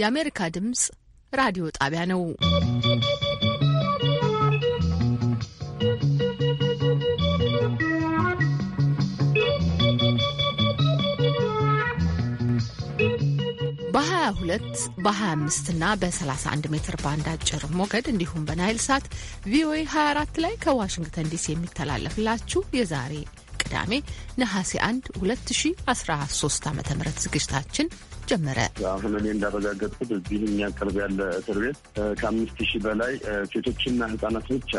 የአሜሪካ ድምጽ ራዲዮ ጣቢያ ነው። በ22 በ25 እና በ31 ሜትር ባንድ አጭር ሞገድ እንዲሁም በናይል ሳት ቪኦኤ 24 ላይ ከዋሽንግተን ዲሲ የሚተላለፍላችሁ የዛሬ ቅዳሜ ነሐሴ 1 2013 ዓ ም ዝግጅታችን ጀመረ። አሁን እኔ እንዳረጋገጥኩት እዚህ እኛ ቅርብ ያለ እስር ቤት ከአምስት ሺህ በላይ ሴቶችና ህጻናት ብቻ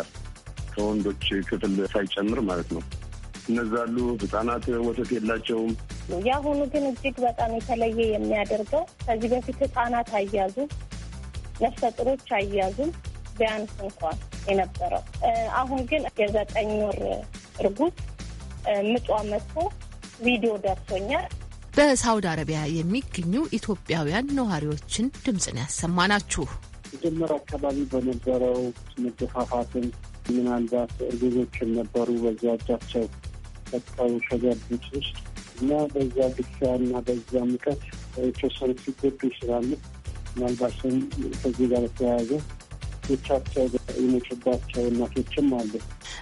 ከወንዶች ክፍል ሳይጨምር ማለት ነው እነዛሉ ህጻናት ወተት የላቸውም። የአሁኑ ግን እጅግ በጣም የተለየ የሚያደርገው ከዚህ በፊት ህጻናት አያዙም፣ ነፍሰ ጡሮች ቢያንስ እንኳን የነበረው አሁን ግን የዘጠኝ ወር እርጉዝ ምጧ መጥቶ ቪዲዮ ደርሶኛል። በሳውዲ አረቢያ የሚገኙ ኢትዮጵያውያን ነዋሪዎችን ድምፅን ያሰማ ናችሁ። መጀመሪያ አካባቢ በነበረው መገፋፋትን ምናልባት እርጉዞችን ነበሩ በዛ እጃቸው ጠጥተው ሸገዱት ውስጥ እና በዛ ግፊያ እና በዛ ሙቀት የተወሰኑ ሲጎዱ ይችላሉ። ምናልባት ከዚህ ጋር ተያያዘ ልጆቻቸው የሞቱባቸው እናቶችም አሉ።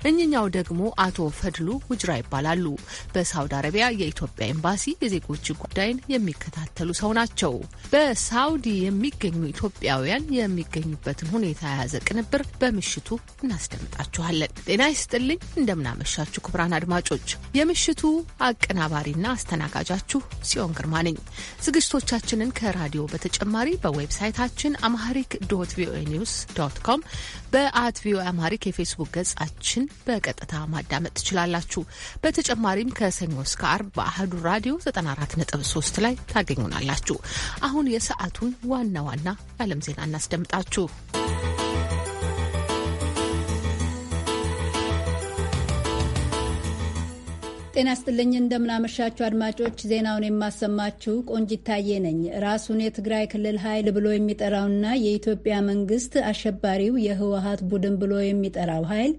እኚኛው ደግሞ አቶ ፈድሉ ውጅራ ይባላሉ። በሳውዲ አረቢያ የኢትዮጵያ ኤምባሲ የዜጎች ጉዳይን የሚከታተሉ ሰው ናቸው። በሳውዲ የሚገኙ ኢትዮጵያውያን የሚገኙበትን ሁኔታ የያዘ ቅንብር በምሽቱ እናስደምጣችኋለን። ጤና ይስጥልኝ፣ እንደምናመሻችሁ ክቡራን አድማጮች። የምሽቱ አቀናባሪና አስተናጋጃችሁ ሲዮን ግርማ ነኝ። ዝግጅቶቻችንን ከራዲዮ በተጨማሪ በዌብሳይታችን አምሃሪክ ዶት ቪኦኤ ኒውስ ዶት ኮም በአት ቪኦኤ አምሃሪክ የፌስቡክ ገጻችን በቀጥታ ማዳመጥ ትችላላችሁ። በተጨማሪም ከሰኞ እስከ አርብ በአህዱ ራዲዮ 94.3 ላይ ታገኙናላችሁ። አሁን የሰዓቱን ዋና ዋና የዓለም ዜና እናስደምጣችሁ። ጤና ስጥልኝ እንደምናመሻችሁ አድማጮች፣ ዜናውን የማሰማችሁ ቆንጂት ታዬ ነኝ። ራሱን የትግራይ ክልል ኃይል ብሎ የሚጠራውና የኢትዮጵያ መንግስት አሸባሪው የህወሀት ቡድን ብሎ የሚጠራው ኃይል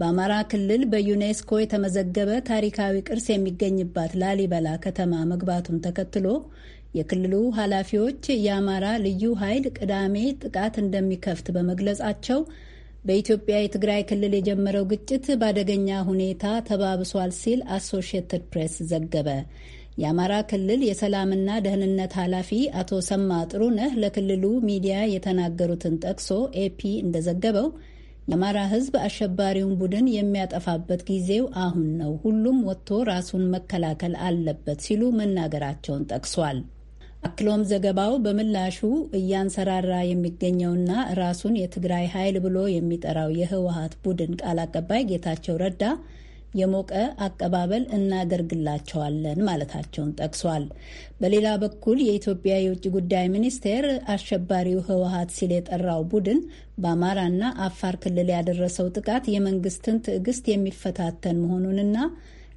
በአማራ ክልል በዩኔስኮ የተመዘገበ ታሪካዊ ቅርስ የሚገኝባት ላሊበላ ከተማ መግባቱን ተከትሎ የክልሉ ኃላፊዎች የአማራ ልዩ ኃይል ቅዳሜ ጥቃት እንደሚከፍት በመግለጻቸው በኢትዮጵያ የትግራይ ክልል የጀመረው ግጭት በአደገኛ ሁኔታ ተባብሷል ሲል አሶሺየትድ ፕሬስ ዘገበ። የአማራ ክልል የሰላምና ደህንነት ኃላፊ አቶ ሰማ ጥሩነህ ለክልሉ ሚዲያ የተናገሩትን ጠቅሶ ኤፒ እንደዘገበው የአማራ ሕዝብ አሸባሪውን ቡድን የሚያጠፋበት ጊዜው አሁን ነው፣ ሁሉም ወጥቶ ራሱን መከላከል አለበት ሲሉ መናገራቸውን ጠቅሷል። አክሎም ዘገባው በምላሹ እያንሰራራ የሚገኘውና ራሱን የትግራይ ኃይል ብሎ የሚጠራው የህወሀት ቡድን ቃል አቀባይ ጌታቸው ረዳ የሞቀ አቀባበል እናደርግላቸዋለን ማለታቸውን ጠቅሷል። በሌላ በኩል የኢትዮጵያ የውጭ ጉዳይ ሚኒስቴር አሸባሪው ህወሀት ሲል የጠራው ቡድን በአማራና አፋር ክልል ያደረሰው ጥቃት የመንግስትን ትዕግስት የሚፈታተን መሆኑንና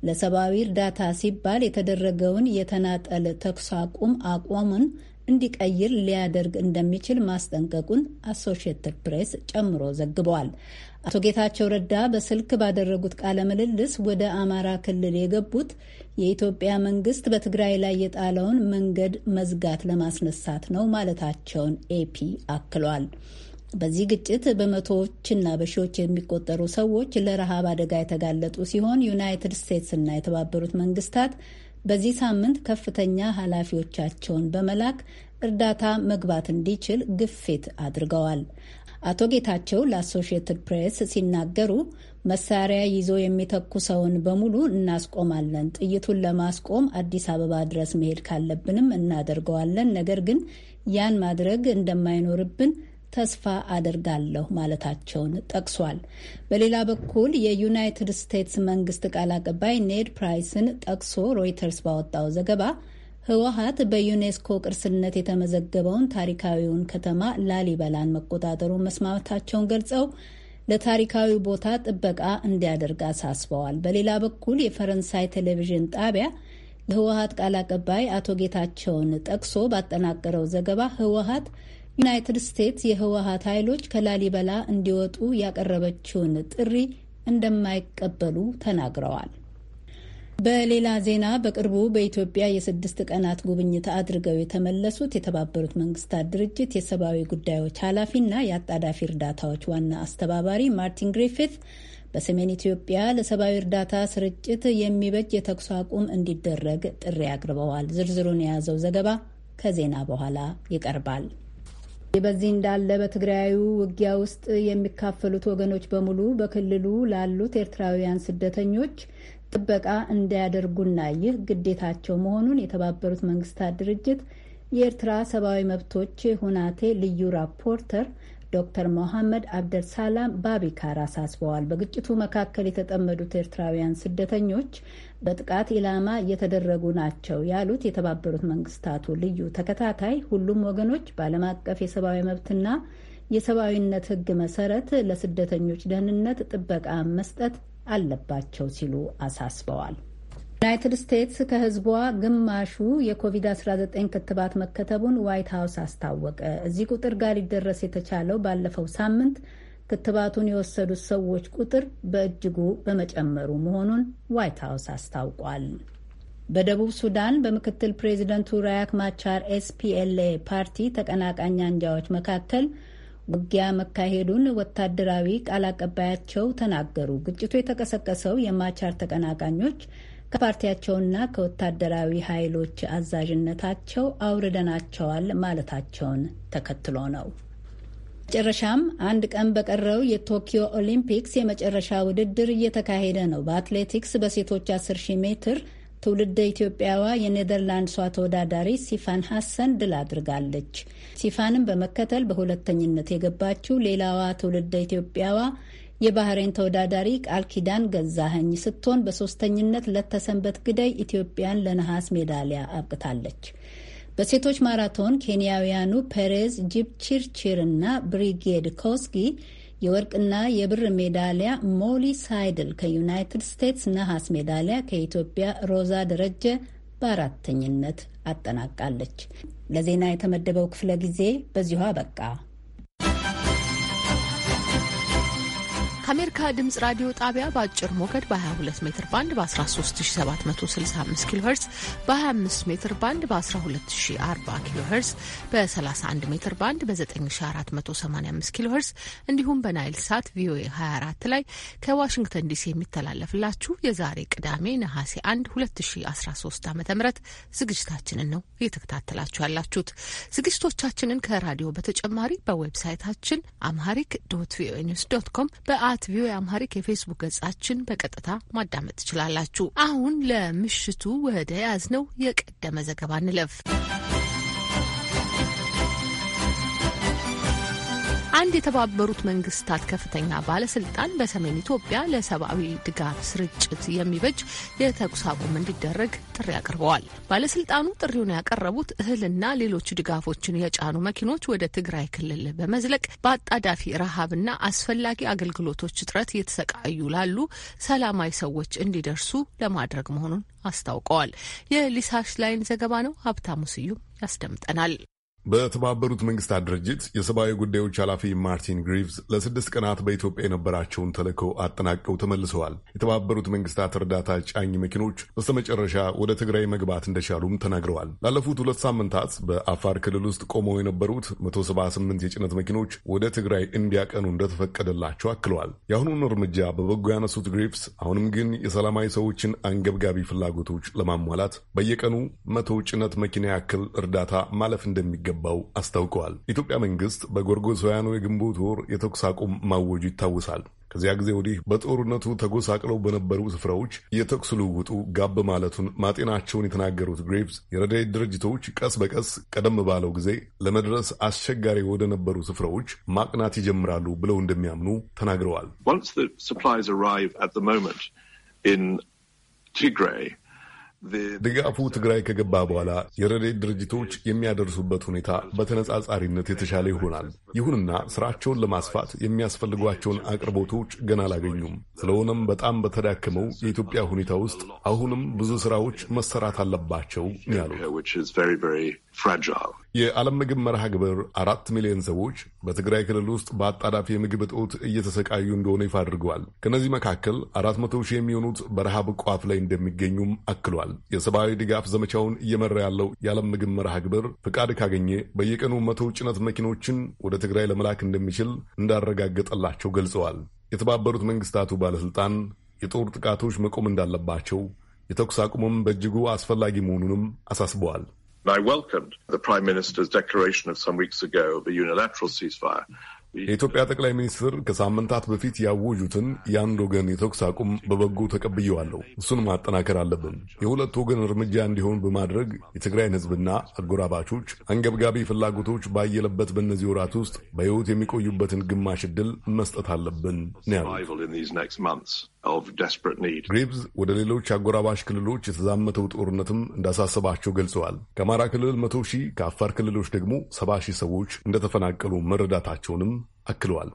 ለሰብአዊ እርዳታ ሲባል የተደረገውን የተናጠል ተኩስ አቁም አቋሙን እንዲቀይር ሊያደርግ እንደሚችል ማስጠንቀቁን አሶሽየትድ ፕሬስ ጨምሮ ዘግቧል። አቶ ጌታቸው ረዳ በስልክ ባደረጉት ቃለ ምልልስ ወደ አማራ ክልል የገቡት የኢትዮጵያ መንግስት በትግራይ ላይ የጣለውን መንገድ መዝጋት ለማስነሳት ነው ማለታቸውን ኤፒ አክሏል። በዚህ ግጭት በመቶዎችና በሺዎች የሚቆጠሩ ሰዎች ለረሃብ አደጋ የተጋለጡ ሲሆን ዩናይትድ ስቴትስ እና የተባበሩት መንግስታት በዚህ ሳምንት ከፍተኛ ኃላፊዎቻቸውን በመላክ እርዳታ መግባት እንዲችል ግፊት አድርገዋል። አቶ ጌታቸው ለአሶሺየትድ ፕሬስ ሲናገሩ መሳሪያ ይዞ የሚተኩሰውን በሙሉ እናስቆማለን። ጥይቱን ለማስቆም አዲስ አበባ ድረስ መሄድ ካለብንም እናደርገዋለን። ነገር ግን ያን ማድረግ እንደማይኖርብን ተስፋ አድርጋለሁ ማለታቸውን ጠቅሷል። በሌላ በኩል የዩናይትድ ስቴትስ መንግስት ቃል አቀባይ ኔድ ፕራይስን ጠቅሶ ሮይተርስ ባወጣው ዘገባ ህወሀት በዩኔስኮ ቅርስነት የተመዘገበውን ታሪካዊውን ከተማ ላሊበላን መቆጣጠሩን መስማማታቸውን ገልጸው ለታሪካዊ ቦታ ጥበቃ እንዲያደርግ አሳስበዋል። በሌላ በኩል የፈረንሳይ ቴሌቪዥን ጣቢያ የህወሀት ቃል አቀባይ አቶ ጌታቸውን ጠቅሶ ባጠናቀረው ዘገባ ህወሀት ዩናይትድ ስቴትስ የህወሀት ኃይሎች ከላሊበላ እንዲወጡ ያቀረበችውን ጥሪ እንደማይቀበሉ ተናግረዋል። በሌላ ዜና በቅርቡ በኢትዮጵያ የስድስት ቀናት ጉብኝት አድርገው የተመለሱት የተባበሩት መንግስታት ድርጅት የሰብአዊ ጉዳዮች ኃላፊና የአጣዳፊ እርዳታዎች ዋና አስተባባሪ ማርቲን ግሪፊት በሰሜን ኢትዮጵያ ለሰብአዊ እርዳታ ስርጭት የሚበጅ የተኩስ አቁም እንዲደረግ ጥሪ አቅርበዋል። ዝርዝሩን የያዘው ዘገባ ከዜና በኋላ ይቀርባል። ይህ በዚህ እንዳለ በትግራዩ ውጊያ ውስጥ የሚካፈሉት ወገኖች በሙሉ በክልሉ ላሉት ኤርትራውያን ስደተኞች ጥበቃ እንዲያደርጉና ይህ ግዴታቸው መሆኑን የተባበሩት መንግስታት ድርጅት የኤርትራ ሰብአዊ መብቶች ሁናቴ ልዩ ራፖርተር ዶክተር ሞሐመድ አብደልሳላም ባቢካር አሳስበዋል። በግጭቱ መካከል የተጠመዱት ኤርትራውያን ስደተኞች በጥቃት ኢላማ እየተደረጉ ናቸው ያሉት የተባበሩት መንግስታቱ ልዩ ተከታታይ ሁሉም ወገኖች በዓለም አቀፍ የሰብአዊ መብትና የሰብአዊነት ሕግ መሰረት ለስደተኞች ደህንነት ጥበቃ መስጠት አለባቸው ሲሉ አሳስበዋል። ዩናይትድ ስቴትስ ከህዝቧ ግማሹ የኮቪድ-19 ክትባት መከተቡን ዋይት ሀውስ አስታወቀ። እዚህ ቁጥር ጋር ሊደረስ የተቻለው ባለፈው ሳምንት ክትባቱን የወሰዱት ሰዎች ቁጥር በእጅጉ በመጨመሩ መሆኑን ዋይት ሀውስ አስታውቋል። በደቡብ ሱዳን በምክትል ፕሬዚደንቱ ራያክ ማቻር ኤስፒኤልኤ ፓርቲ ተቀናቃኝ አንጃዎች መካከል ውጊያ መካሄዱን ወታደራዊ ቃል አቀባያቸው ተናገሩ። ግጭቱ የተቀሰቀሰው የማቻር ተቀናቃኞች ከፓርቲያቸውና ከወታደራዊ ኃይሎች አዛዥነታቸው አውርደናቸዋል ማለታቸውን ተከትሎ ነው። መጨረሻም አንድ ቀን በቀረው የቶኪዮ ኦሊምፒክስ የመጨረሻ ውድድር እየተካሄደ ነው። በአትሌቲክስ በሴቶች 10 ሺህ ሜትር ትውልደ ኢትዮጵያዋ የኔዘርላንድሷ ተወዳዳሪ ሲፋን ሀሰን ድል አድርጋለች። ሲፋንም በመከተል በሁለተኝነት የገባችው ሌላዋ ትውልደ ኢትዮጵያዋ የባህሬን ተወዳዳሪ ቃል ኪዳን ገዛኸኝ ስትሆን በሶስተኝነት ለተሰንበት ግዳይ ኢትዮጵያን ለነሐስ ሜዳሊያ አብቅታለች። በሴቶች ማራቶን ኬንያውያኑ ፔሬዝ ጂፕቺርቺር እና ብሪጌድ ኮስጊ የወርቅና የብር ሜዳሊያ፣ ሞሊ ሳይድል ከዩናይትድ ስቴትስ ነሐስ ሜዳሊያ፣ ከኢትዮጵያ ሮዛ ደረጀ በአራተኝነት አጠናቃለች። ለዜና የተመደበው ክፍለ ጊዜ በዚሁ አበቃ። ከአሜሪካ ድምፅ ራዲዮ ጣቢያ በአጭር ሞገድ በ22 ሜትር ባንድ በ13765 ኪሎ ሄርዝ በ25 ሜትር ባንድ በ1240 ኪሎ ሄርዝ በ31 ሜትር ባንድ በ9485 ኪሎ ሄርዝ እንዲሁም በናይል ሳት ቪኦኤ 24 ላይ ከዋሽንግተን ዲሲ የሚተላለፍላችሁ የዛሬ ቅዳሜ ነሐሴ 1 2013 ዓ ም ዝግጅታችንን ነው እየተከታተላችሁ ያላችሁት። ዝግጅቶቻችንን ከራዲዮ በተጨማሪ በዌብሳይታችን አምሃሪክ ዶት ቪኦኤ ኒውስ ዶት ኮም በአ አት ቪኦኤ አምሃሪክ የፌስቡክ ገጻችን በቀጥታ ማዳመጥ ትችላላችሁ። አሁን ለምሽቱ ወደ ያዝነው የቀደመ ዘገባ እንለፍ። አንድ የተባበሩት መንግስታት ከፍተኛ ባለስልጣን በሰሜን ኢትዮጵያ ለሰብአዊ ድጋፍ ስርጭት የሚበጅ የተኩስ አቁም እንዲደረግ ጥሪ አቅርበዋል። ባለስልጣኑ ጥሪውን ያቀረቡት እህልና ሌሎች ድጋፎችን የጫኑ መኪኖች ወደ ትግራይ ክልል በመዝለቅ በአጣዳፊ ረሃብና አስፈላጊ አገልግሎቶች እጥረት እየተሰቃዩ ላሉ ሰላማዊ ሰዎች እንዲደርሱ ለማድረግ መሆኑን አስታውቀዋል። የሊሳሽ ላይን ዘገባ ነው። ሀብታሙ ስዩም ያስደምጠናል። በተባበሩት መንግስታት ድርጅት የሰብአዊ ጉዳዮች ኃላፊ ማርቲን ግሪቭስ ለስድስት ቀናት በኢትዮጵያ የነበራቸውን ተልእኮ አጠናቀው ተመልሰዋል። የተባበሩት መንግስታት እርዳታ ጫኝ መኪኖች በስተመጨረሻ ወደ ትግራይ መግባት እንደቻሉም ተናግረዋል። ላለፉት ሁለት ሳምንታት በአፋር ክልል ውስጥ ቆመው የነበሩት 178 የጭነት መኪኖች ወደ ትግራይ እንዲያቀኑ እንደተፈቀደላቸው አክለዋል። የአሁኑን እርምጃ በበጎ ያነሱት ግሪቭስ አሁንም ግን የሰላማዊ ሰዎችን አንገብጋቢ ፍላጎቶች ለማሟላት በየቀኑ መቶ ጭነት መኪና ያክል እርዳታ ማለፍ እንደሚገባ እንደሚገባው አስታውቀዋል። ኢትዮጵያ መንግስት በጎርጎሳውያኑ የግንቦት ወር የተኩስ አቁም ማወጁ ይታወሳል። ከዚያ ጊዜ ወዲህ በጦርነቱ ተጎሳቅለው በነበሩ ስፍራዎች የተኩስ ልውውጡ ጋብ ማለቱን ማጤናቸውን የተናገሩት ግሬቭስ የረድኤት ድርጅቶች ቀስ በቀስ ቀደም ባለው ጊዜ ለመድረስ አስቸጋሪ ወደ ነበሩ ስፍራዎች ማቅናት ይጀምራሉ ብለው እንደሚያምኑ ተናግረዋል። ድጋፉ ትግራይ ከገባ በኋላ የረድኤት ድርጅቶች የሚያደርሱበት ሁኔታ በተነጻጻሪነት የተሻለ ይሆናል። ይሁንና ስራቸውን ለማስፋት የሚያስፈልጓቸውን አቅርቦቶች ገና አላገኙም። ስለሆነም በጣም በተዳከመው የኢትዮጵያ ሁኔታ ውስጥ አሁንም ብዙ ስራዎች መሰራት አለባቸው ያሉት fragile. የዓለም ምግብ መርሃ ግብር አራት ሚሊዮን ሰዎች በትግራይ ክልል ውስጥ በአጣዳፊ የምግብ እጦት እየተሰቃዩ እንደሆነ ይፋ አድርገዋል። ከእነዚህ መካከል አራት መቶ ሺህ የሚሆኑት በረሃብ ቋፍ ላይ እንደሚገኙም አክሏል። የሰብአዊ ድጋፍ ዘመቻውን እየመራ ያለው የዓለም ምግብ መርሃ ግብር ፍቃድ ካገኘ በየቀኑ መቶ ጭነት መኪኖችን ወደ ትግራይ ለመላክ እንደሚችል እንዳረጋገጠላቸው ገልጸዋል። የተባበሩት መንግስታቱ ባለሥልጣን የጦር ጥቃቶች መቆም እንዳለባቸው፣ የተኩስ አቁምም በእጅጉ አስፈላጊ መሆኑንም አሳስበዋል። I welcomed the Prime Minister's declaration of some weeks ago of a unilateral ceasefire የኢትዮጵያ ጠቅላይ ሚኒስትር ከሳምንታት በፊት ያወጁትን የአንድ ወገን የተኩስ አቁም በበጎ ተቀብየዋለሁ። እሱን ማጠናከር አለብን። የሁለት ወገን እርምጃ እንዲሆን በማድረግ የትግራይን ሕዝብና አጎራባቾች አንገብጋቢ ፍላጎቶች ባየለበት በእነዚህ ወራት ውስጥ በሕይወት የሚቆዩበትን ግማሽ ዕድል መስጠት አለብን ነው ያሉት። ወደ ሌሎች አጎራባሽ ክልሎች የተዛመተው ጦርነትም እንዳሳሰባቸው ገልጸዋል። ከአማራ ክልል መቶ ሺህ ከአፋር ክልሎች ደግሞ ሰባ ሺህ ሰዎች እንደተፈናቀሉ መረዳታቸውንም አክለዋል።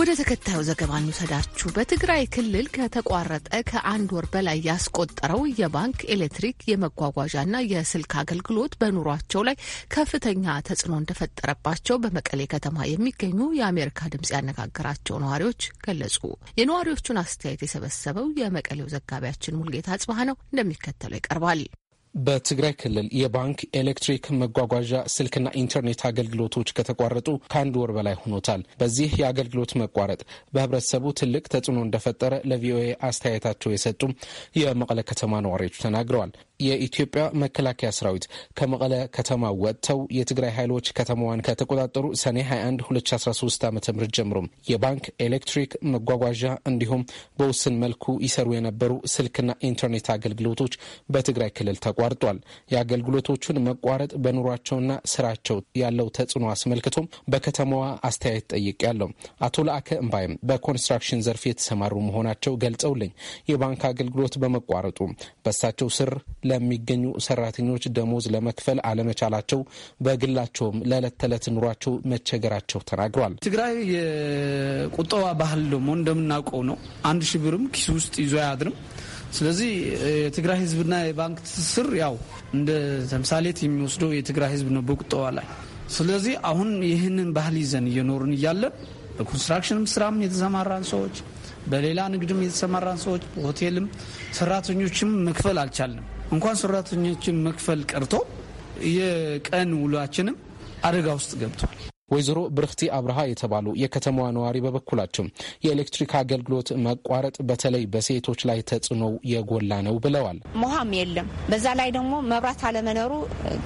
ወደ ተከታዩ ዘገባ እንውሰዳችሁ። በትግራይ ክልል ከተቋረጠ ከአንድ ወር በላይ ያስቆጠረው የባንክ ኤሌክትሪክ፣ የመጓጓዣና የስልክ አገልግሎት በኑሯቸው ላይ ከፍተኛ ተጽዕኖ እንደፈጠረባቸው በመቀሌ ከተማ የሚገኙ የአሜሪካ ድምጽ ያነጋገራቸው ነዋሪዎች ገለጹ። የነዋሪዎቹን አስተያየት የሰበሰበው የመቀሌው ዘጋቢያችን ሙልጌታ አጽባህ ነው፣ እንደሚከተለው ይቀርባል። በትግራይ ክልል የባንክ ኤሌክትሪክ፣ መጓጓዣ፣ ስልክና ኢንተርኔት አገልግሎቶች ከተቋረጡ ከአንድ ወር በላይ ሆኖታል። በዚህ የአገልግሎት መቋረጥ በህብረተሰቡ ትልቅ ተጽዕኖ እንደፈጠረ ለቪኦኤ አስተያየታቸው የሰጡም የመቀለ ከተማ ነዋሪዎች ተናግረዋል። የኢትዮጵያ መከላከያ ሰራዊት ከመቀለ ከተማ ወጥተው የትግራይ ኃይሎች ከተማዋን ከተቆጣጠሩ ሰኔ 21 2013 ዓ ም ጀምሮ የባንክ ኤሌክትሪክ፣ መጓጓዣ እንዲሁም በውስን መልኩ ይሰሩ የነበሩ ስልክና ኢንተርኔት አገልግሎቶች በትግራይ ክልል ተቋርጧል። የአገልግሎቶቹን መቋረጥ በኑሯቸውና ስራቸው ያለው ተጽዕኖ አስመልክቶም በከተማዋ አስተያየት ያለው አቶ ለአከ እምባይም በኮንስትራክሽን ዘርፍ የተሰማሩ መሆናቸው ገልጸውልኝ የባንክ አገልግሎት በመቋረጡ በሳቸው ስር ለሚገኙ ሰራተኞች ደሞዝ ለመክፈል አለመቻላቸው በግላቸውም ለዕለት ተዕለት ኑሯቸው መቸገራቸው ተናግሯል። ትግራይ የቁጠባ ባህል ደግሞ እንደምናውቀው ነው። አንድ ሺህ ብርም ኪስ ውስጥ ይዞ አያድርም። ስለዚህ የትግራይ ህዝብና የባንክ ትስስር ያው እንደ ተምሳሌት የሚወስደው የትግራይ ህዝብ ነው በቁጠባ ላይ። ስለዚህ አሁን ይህንን ባህል ይዘን እየኖርን እያለን በኮንስትራክሽንም ስራም የተሰማራን ሰዎች በሌላ ንግድም የተሰማራን ሰዎች በሆቴልም ሰራተኞችም መክፈል አልቻልንም። እንኳን ሰራተኞችን መክፈል ቀርቶ የቀን ውሏችንም አደጋ ውስጥ ገብቷል። ወይዘሮ ብርክቲ አብርሃ የተባሉ የከተማዋ ነዋሪ በበኩላቸው የኤሌክትሪክ አገልግሎት መቋረጥ በተለይ በሴቶች ላይ ተጽዕኖ የጎላ ነው ብለዋል። ውሃም የለም። በዛ ላይ ደግሞ መብራት አለመኖሩ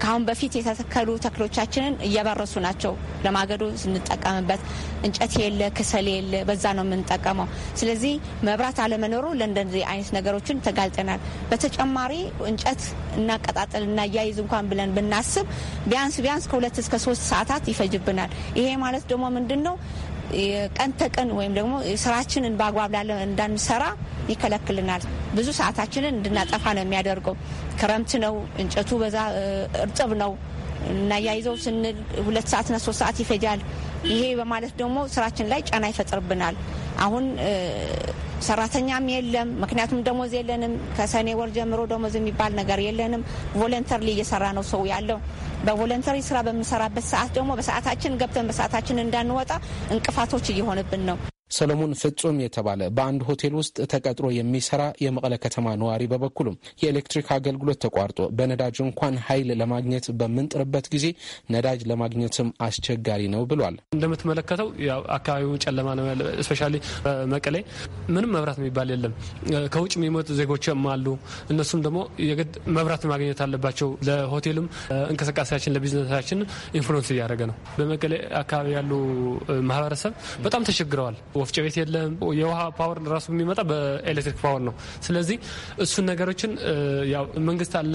ከአሁን በፊት የተተከሉ ተክሎቻችንን እየበረሱ ናቸው። ለማገዶ ስንጠቀምበት እንጨት የለ፣ ክሰል የለ፣ በዛ ነው የምንጠቀመው። ስለዚህ መብራት አለመኖሩ ለእንደዚህ አይነት ነገሮችን ተጋልጠናል። በተጨማሪ እንጨት እናቀጣጠል እና እያይዝ እንኳን ብለን ብናስብ ቢያንስ ቢያንስ ከሁለት እስከ ሶስት ሰዓታት ይፈጅብናል። ይሄ ማለት ደግሞ ምንድን ነው? ቀን ተቀን ወይም ደግሞ ስራችንን በአግባብ ላለ እንዳንሰራ ይከለክልናል። ብዙ ሰዓታችንን እንድናጠፋ ነው የሚያደርገው። ክረምት ነው፣ እንጨቱ በዛ እርጥብ ነው። እናያይዘው ስንል ሁለት ሰዓትና ሶስት ሰዓት ይፈጃል። ይሄ በማለት ደግሞ ስራችን ላይ ጫና ይፈጥርብናል። አሁን ሰራተኛም የለም። ምክንያቱም ደሞዝ የለንም። ከሰኔ ወር ጀምሮ ደሞዝ የሚባል ነገር የለንም። ቮለንተሪ እየሰራ ነው ሰው ያለው። በቮለንተሪ ስራ በምንሰራበት ሰዓት ደግሞ በሰዓታችን ገብተን በሰዓታችን እንዳንወጣ እንቅፋቶች እየሆንብን ነው። ሰሎሞን ፍጹም የተባለ በአንድ ሆቴል ውስጥ ተቀጥሮ የሚሰራ የመቀለ ከተማ ነዋሪ በበኩሉም የኤሌክትሪክ አገልግሎት ተቋርጦ በነዳጅ እንኳን ኃይል ለማግኘት በምንጥርበት ጊዜ ነዳጅ ለማግኘትም አስቸጋሪ ነው ብሏል። እንደምትመለከተው አካባቢው ጨለማ ነው ያለ። እስፔሻሊ መቀሌ ምንም መብራት የሚባል የለም። ከውጭ የሚመጡ ዜጎችም አሉ። እነሱም ደግሞ የግድ መብራት ማግኘት አለባቸው። ለሆቴልም እንቅስቃሴያችን ለቢዝነሳችን ኢንፍሉዌንስ እያደረገ ነው። በመቀሌ አካባቢ ያሉ ማህበረሰብ በጣም ተቸግረዋል። ወፍጮ ቤት የለም። የውሃ ፓወር ራሱ የሚመጣ በኤሌክትሪክ ፓወር ነው። ስለዚህ እሱን ነገሮችን ያው መንግስት አለ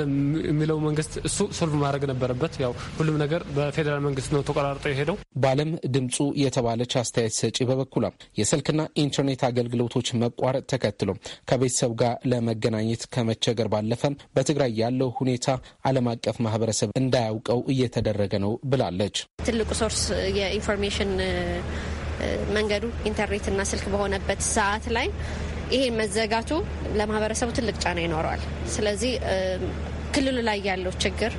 የሚለው መንግስት እሱ ሶልቭ ማድረግ ነበረበት። ያው ሁሉም ነገር በፌዴራል መንግስት ነው ተቆራርጦ የሄደው። በአለም ድምፁ የተባለች አስተያየት ሰጪ በበኩሏ የስልክና ኢንተርኔት አገልግሎቶች መቋረጥ ተከትሎ ከቤተሰብ ጋር ለመገናኘት ከመቸገር ባለፈ በትግራይ ያለው ሁኔታ አለም አቀፍ ማህበረሰብ እንዳያውቀው እየተደረገ ነው ብላለች። ትልቁ ሶርስ የኢንፎርሜሽን መንገዱ ኢንተርኔትና ስልክ በሆነበት ሰዓት ላይ ይሄን መዘጋቱ ለማህበረሰቡ ትልቅ ጫና ይኖረዋል። ስለዚህ ክልሉ ላይ ያለው ችግር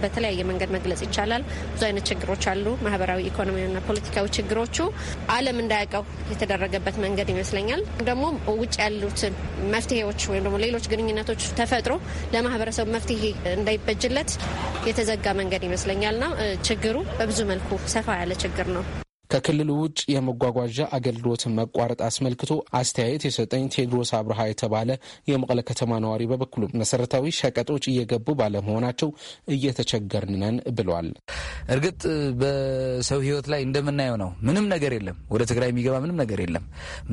በተለያየ መንገድ መግለጽ ይቻላል። ብዙ አይነት ችግሮች አሉ። ማህበራዊ፣ ኢኮኖሚያዊና ፖለቲካዊ ችግሮቹ ዓለም እንዳያውቀው የተደረገበት መንገድ ይመስለኛል። ደግሞ ውጭ ያሉትን መፍትሄዎች ወይም ደግሞ ሌሎች ግንኙነቶች ተፈጥሮ ለማህበረሰቡ መፍትሄ እንዳይበጅለት የተዘጋ መንገድ ይመስለኛልና ችግሩ በብዙ መልኩ ሰፋ ያለ ችግር ነው። ከክልሉ ውጭ የመጓጓዣ አገልግሎትን መቋረጥ አስመልክቶ አስተያየት የሰጠኝ ቴድሮስ አብርሃ የተባለ የመቀለ ከተማ ነዋሪ በበኩሉ መሰረታዊ ሸቀጦች እየገቡ ባለመሆናቸው እየተቸገርን ነን ብሏል። እርግጥ በሰው ሕይወት ላይ እንደምናየው ነው። ምንም ነገር የለም። ወደ ትግራይ የሚገባ ምንም ነገር የለም።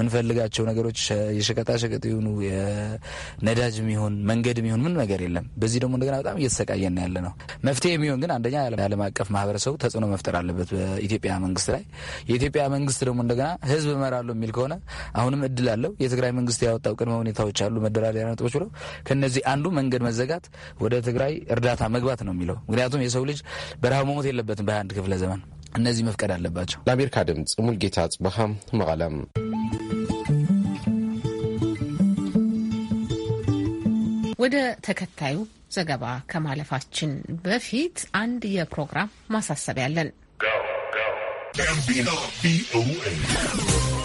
ምንፈልጋቸው ነገሮች የሸቀጣሸቀጥ የሆኑ የነዳጅ የሚሆን መንገድ የሚሆን ምንም ነገር የለም። በዚህ ደግሞ እንደገና በጣም እየተሰቃየን ያለ ነው። መፍትሄ የሚሆን ግን አንደኛ የዓለም አቀፍ ማህበረሰቡ ተጽዕኖ መፍጠር አለበት በኢትዮጵያ መንግስት ላይ የኢትዮጵያ መንግስት ደግሞ እንደገና ህዝብ እመራለሁ የሚል ከሆነ አሁንም እድል አለው። የትግራይ መንግስት ያወጣው ቅድመ ሁኔታዎች አሉ፣ መደራደሪያ ነጥቦች ብለው ከነዚህ አንዱ መንገድ መዘጋት፣ ወደ ትግራይ እርዳታ መግባት ነው የሚለው። ምክንያቱም የሰው ልጅ በረሃብ መሞት የለበትም በአንድ ክፍለ ዘመን። እነዚህ መፍቀድ አለባቸው። ለአሜሪካ ድምፅ ሙልጌታ ጽበሃም መቀለም ወደ ተከታዩ ዘገባ ከማለፋችን በፊት አንድ የፕሮግራም ማሳሰቢያ አለን። Gambino VOA.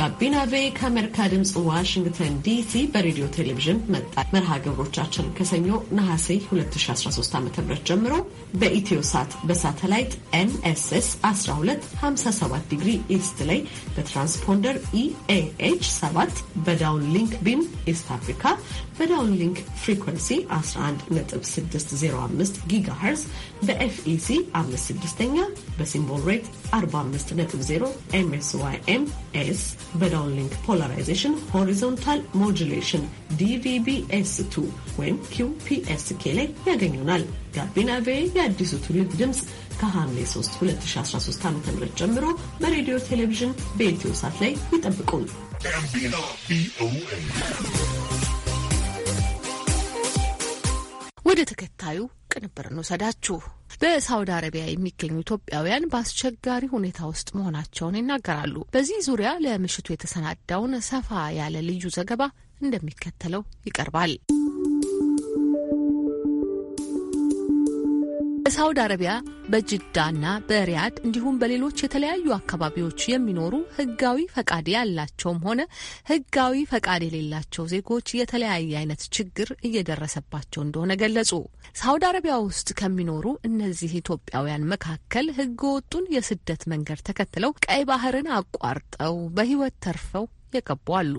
ጋቢና ቬ ከአሜሪካ ድምፅ ዋሽንግተን ዲሲ በሬዲዮ ቴሌቪዥን መጣ መርሃ ግብሮቻችን ከሰኞ ነሐሴ 2013 ዓ ም ጀምሮ በኢትዮ ሳት በሳተላይት ኤንኤስኤስ 1257 ዲግሪ ኢስት ላይ በትራንስፖንደር ኢኤኤች 7 በዳውን ሊንክ ቢም ኢስት አፍሪካ በዳውን ሊንክ ፍሪኩንሲ 11605 ጊጋ በኤፍኢሲ 56ኛ በሲምቦል ሬት 45.0 ኤምኤስዋይኤም ኤስ በዳውንሊንክ ፖላራይዜሽን ሆሪዞንታል ሞጁሌሽን ዲቪቢኤስ2 ወይም ኪውፒኤስኬ ላይ ያገኙናል። ጋቢና ቬ የአዲሱ ትውልድ ድምፅ ከሐምሌ 3 2013 ዓ ም ጀምሮ በሬዲዮ ቴሌቪዥን በኢትዮ ሳት ላይ ይጠብቁን። ወደ ተከታዩ ቅንብር እንውሰዳችሁ። በሳውዲ አረቢያ የሚገኙ ኢትዮጵያውያን በአስቸጋሪ ሁኔታ ውስጥ መሆናቸውን ይናገራሉ። በዚህ ዙሪያ ለምሽቱ የተሰናዳውን ሰፋ ያለ ልዩ ዘገባ እንደሚከተለው ይቀርባል። በሳውዲ አረቢያ በጅዳና በሪያድ እንዲሁም በሌሎች የተለያዩ አካባቢዎች የሚኖሩ ህጋዊ ፈቃድ ያላቸውም ሆነ ህጋዊ ፈቃድ የሌላቸው ዜጎች የተለያየ አይነት ችግር እየደረሰባቸው እንደሆነ ገለጹ። ሳውዲ አረቢያ ውስጥ ከሚኖሩ እነዚህ ኢትዮጵያውያን መካከል ህገወጡን የስደት መንገድ ተከትለው ቀይ ባህርን አቋርጠው በህይወት ተርፈው የገቡ አሉ።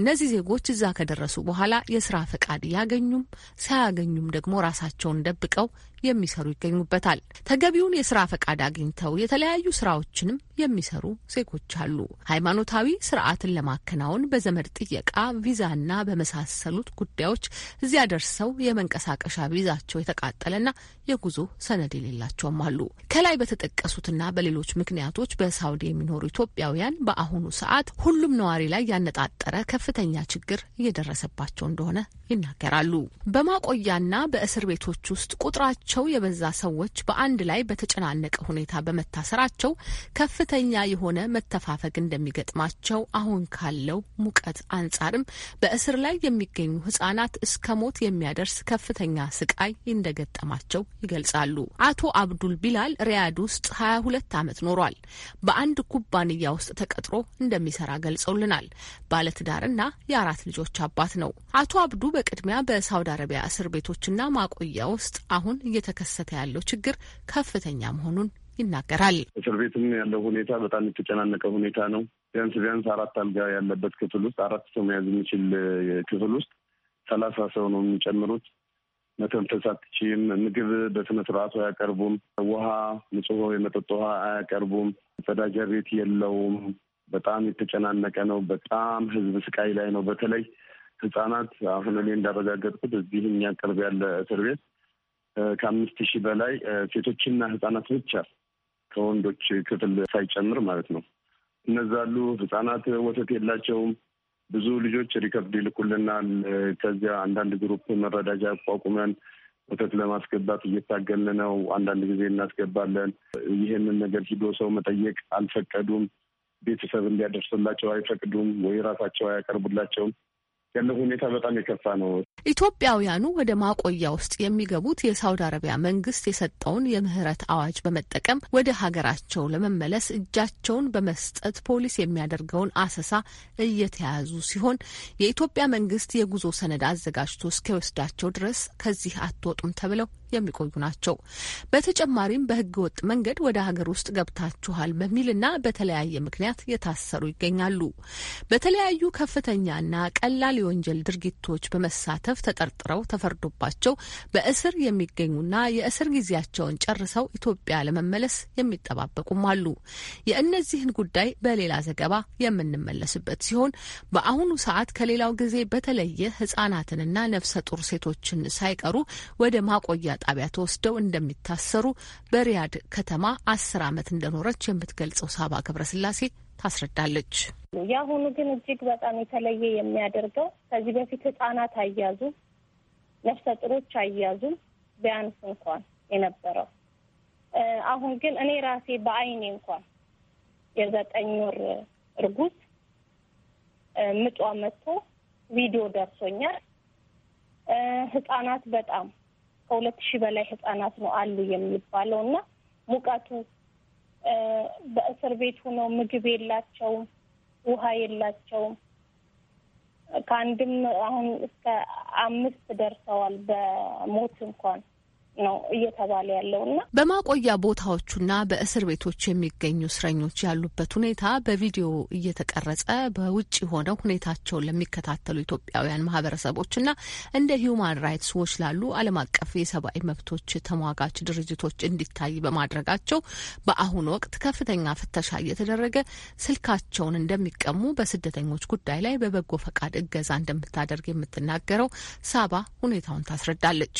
እነዚህ ዜጎች እዛ ከደረሱ በኋላ የስራ ፈቃድ ያገኙም ሳያገኙም ደግሞ ራሳቸውን ደብቀው የሚሰሩ ይገኙበታል። ተገቢውን የስራ ፈቃድ አግኝተው የተለያዩ ስራዎችንም የሚሰሩ ዜጎች አሉ። ሃይማኖታዊ ስርዓትን ለማከናወን በዘመድ ጥየቃ ቪዛና በመሳሰሉት ጉዳዮች እዚያ ደርሰው የመንቀሳቀሻ ቪዛቸው የተቃጠለና የጉዞ ሰነድ የሌላቸውም አሉ። ከላይ በተጠቀሱትና በሌሎች ምክንያቶች በሳውዲ የሚኖሩ ኢትዮጵያውያን በአሁኑ ሰዓት ሁሉም ነዋሪ ላይ ያነጣጠ የተፈጠረ ከፍተኛ ችግር እየደረሰባቸው እንደሆነ ይናገራሉ። በማቆያና በእስር ቤቶች ውስጥ ቁጥራቸው የበዛ ሰዎች በአንድ ላይ በተጨናነቀ ሁኔታ በመታሰራቸው ከፍተኛ የሆነ መተፋፈግ እንደሚገጥማቸው አሁን ካለው ሙቀት አንጻርም በእስር ላይ የሚገኙ ህጻናት እስከ ሞት የሚያደርስ ከፍተኛ ስቃይ እንደገጠማቸው ይገልጻሉ። አቶ አብዱል ቢላል ሪያድ ውስጥ ሀያ ሁለት አመት ኖሯል። በአንድ ኩባንያ ውስጥ ተቀጥሮ እንደሚሰራ ገልጸውልናል። ባለ ባለትዳርና የአራት ልጆች አባት ነው። አቶ አብዱ በቅድሚያ በሳውዲ አረቢያ እስር ቤቶችና ማቆያ ውስጥ አሁን እየተከሰተ ያለው ችግር ከፍተኛ መሆኑን ይናገራል። እስር ቤትም ያለው ሁኔታ በጣም የተጨናነቀ ሁኔታ ነው። ቢያንስ ቢያንስ አራት አልጋ ያለበት ክፍል ውስጥ አራት ሰው መያዝ የሚችል ክፍል ውስጥ ሰላሳ ሰው ነው የሚጨምሩት። መተንፈስ አትችይም። ምግብ በስነ ስርዓቱ አያቀርቡም። ውሃ፣ ንጹህ የመጠጥ ውሃ አያቀርቡም። መጸዳጃ ቤት የለውም። በጣም የተጨናነቀ ነው። በጣም ህዝብ ስቃይ ላይ ነው። በተለይ ህጻናት አሁን እኔ እንዳረጋገጥኩት እዚህ እኛ ቅርብ ያለ እስር ቤት ከአምስት ሺህ በላይ ሴቶችና ህጻናት ብቻ ከወንዶች ክፍል ሳይጨምር ማለት ነው። እነዛ ህጻናት ወተት የላቸውም። ብዙ ልጆች ሪከርድ ይልኩልናል። ከዚያ አንዳንድ ግሩፕ መረዳጃ አቋቁመን ወተት ለማስገባት እየታገልን ነው። አንዳንድ ጊዜ እናስገባለን። ይህንን ነገር ሂዶ ሰው መጠየቅ አልፈቀዱም። ቤተሰብ እንዲያደርስላቸው አይፈቅዱም ወይ ራሳቸው አያቀርቡላቸውም። ያለው ሁኔታ በጣም የከፋ ነው። ኢትዮጵያውያኑ ወደ ማቆያ ውስጥ የሚገቡት የሳውዲ አረቢያ መንግስት የሰጠውን የምህረት አዋጅ በመጠቀም ወደ ሀገራቸው ለመመለስ እጃቸውን በመስጠት ፖሊስ የሚያደርገውን አሰሳ እየተያዙ ሲሆን የኢትዮጵያ መንግስት የጉዞ ሰነድ አዘጋጅቶ እስኪወስዳቸው ድረስ ከዚህ አትወጡም ተብለው የሚቆዩ ናቸው። በተጨማሪም በህገ ወጥ መንገድ ወደ ሀገር ውስጥ ገብታችኋል በሚልና በተለያየ ምክንያት የታሰሩ ይገኛሉ። በተለያዩ ከፍተኛና ቀላል የወንጀል ድርጊቶች በመሳተፍ ተጠርጥረው ተፈርዶባቸው በእስር የሚገኙና የእስር ጊዜያቸውን ጨርሰው ኢትዮጵያ ለመመለስ የሚጠባበቁም አሉ። የእነዚህን ጉዳይ በሌላ ዘገባ የምንመለስበት ሲሆን በአሁኑ ሰዓት ከሌላው ጊዜ በተለየ ህጻናትንና ነፍሰ ጡር ሴቶችን ሳይቀሩ ወደ ማቆያ ጣቢያ ተወስደው እንደሚታሰሩ በሪያድ ከተማ አስር ዓመት እንደኖረች የምትገልጸው ሳባ ገብረስላሴ ታስረዳለች። የአሁኑ ግን እጅግ በጣም የተለየ የሚያደርገው ከዚህ በፊት ህጻናት አያዙም፣ ነፍሰ ጥሮች አያዙም ቢያንስ እንኳን የነበረው አሁን ግን እኔ ራሴ በአይኔ እንኳን የዘጠኝ ወር እርጉዝ ምጧ መጥቶ ቪዲዮ ደርሶኛል። ህጻናት በጣም ከሁለት ሺህ በላይ ህጻናት ነው አሉ የሚባለው እና ሙቀቱ በእስር ቤት ሆነው ምግብ የላቸውም፣ ውሃ የላቸውም። ከአንድም አሁን እስከ አምስት ደርሰዋል በሞት እንኳን ነው እየተባለ ያለው እና በማቆያ ቦታዎቹና በእስር ቤቶች የሚገኙ እስረኞች ያሉበት ሁኔታ በቪዲዮ እየተቀረጸ በውጭ ሆነው ሁኔታቸውን ለሚከታተሉ ኢትዮጵያውያን ማህበረሰቦችና እንደ ሂዩማን ራይትስ ዎች ላሉ ዓለም አቀፍ የሰብአዊ መብቶች ተሟጋች ድርጅቶች እንዲታይ በማድረጋቸው በአሁኑ ወቅት ከፍተኛ ፍተሻ እየተደረገ ስልካቸውን እንደሚቀሙ በስደተኞች ጉዳይ ላይ በበጎ ፈቃድ እገዛ እንደምታደርግ የምትናገረው ሳባ ሁኔታውን ታስረዳለች።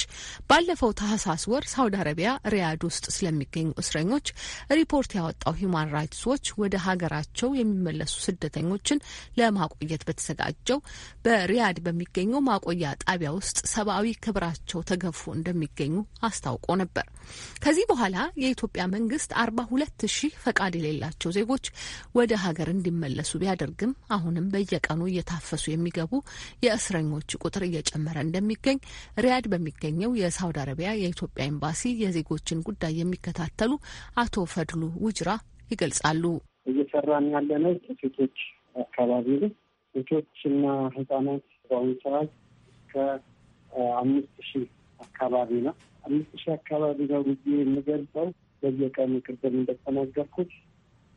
ባለፈው ታ ታህሳስ ወር ሳውዲ አረቢያ ሪያድ ውስጥ ስለሚገኙ እስረኞች ሪፖርት ያወጣው ሂዩማን ራይትስ ዎች ወደ ሀገራቸው የሚመለሱ ስደተኞችን ለማቆየት በተዘጋጀው በሪያድ በሚገኘው ማቆያ ጣቢያ ውስጥ ሰብአዊ ክብራቸው ተገፎ እንደሚገኙ አስታውቆ ነበር። ከዚህ በኋላ የኢትዮጵያ መንግስት አርባ ሁለት ሺህ ፈቃድ የሌላቸው ዜጎች ወደ ሀገር እንዲመለሱ ቢያደርግም አሁንም በየቀኑ እየታፈሱ የሚገቡ የእስረኞች ቁጥር እየጨመረ እንደሚገኝ ሪያድ በሚገኘው የሳውዲ አረቢያ የኢትዮጵያ ኤምባሲ የዜጎችን ጉዳይ የሚከታተሉ አቶ ፈድሉ ውጅራ ይገልጻሉ። እየሰራን ያለነው ሴቶች አካባቢ ነው። ሴቶችና ህጻናት በአሁኑ ሰዓት ከአምስት ሺህ አካባቢ ነው። አምስት ሺህ አካባቢ ነው ብዬ የምገልጸው በየቀኑ ቅድም እንደተናገርኩት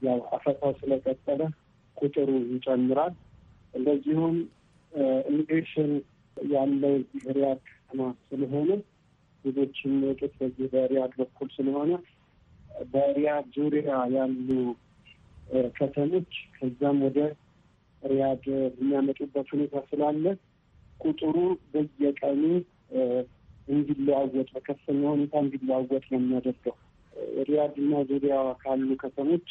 ያው አፈሳው ስለቀጠለ ቁጥሩ ይጨምራል። እንደዚሁም ኢሚግሬሽን ያለው ሪያድ ከተማ ስለሆነ ሌሎች የሚወጡት በዚህ በሪያድ በኩል ስለሆነ በሪያድ ዙሪያ ያሉ ከተሞች ከዛም ወደ ሪያድ የሚያመጡበት ሁኔታ ስላለ ቁጥሩ በየቀኑ እንዲለዋወጥ በከፍተኛ ሁኔታ እንዲለዋወጥ ነው የሚያደርገው። ሪያድ እና ዙሪያ ካሉ ከተሞች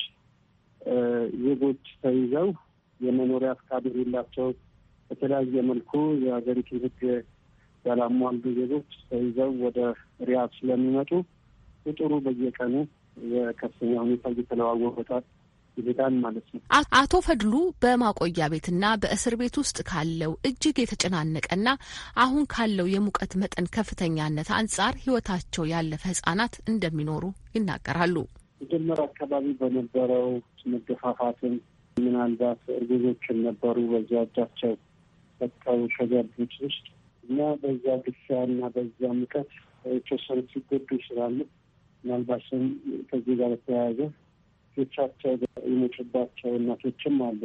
ዜጎች ተይዘው የመኖሪያ ፍቃድ የሌላቸው በተለያየ መልኩ የሀገሪቱ ሕግ ያላሟሉ ዜጎች ተይዘው ወደ ሪያድ ስለሚመጡ ቁጥሩ በየቀኑ በከፍተኛ ሁኔታ እየተለዋወጠ ይሄዳል ማለት ነው። አቶ ፈድሉ በማቆያ ቤትና በእስር ቤት ውስጥ ካለው እጅግ የተጨናነቀና አሁን ካለው የሙቀት መጠን ከፍተኛነት አንጻር ሕይወታቸው ያለፈ ሕጻናት እንደሚኖሩ ይናገራሉ። መጀመሪያ አካባቢ በነበረው መገፋፋትን ምናልባት እርጉዞችን ነበሩ በዚያ እጃቸው ሰጥተው ከገቡት ውስጥ እና በዛ ግሻ እና በዛ ሙቀት የተወሰኑት ሲጎዱ ይችላሉ። ምናልባትም ከዚህ ጋር በተያያዘ ቶቻቸው የሞቱባቸው እናቶችም አሉ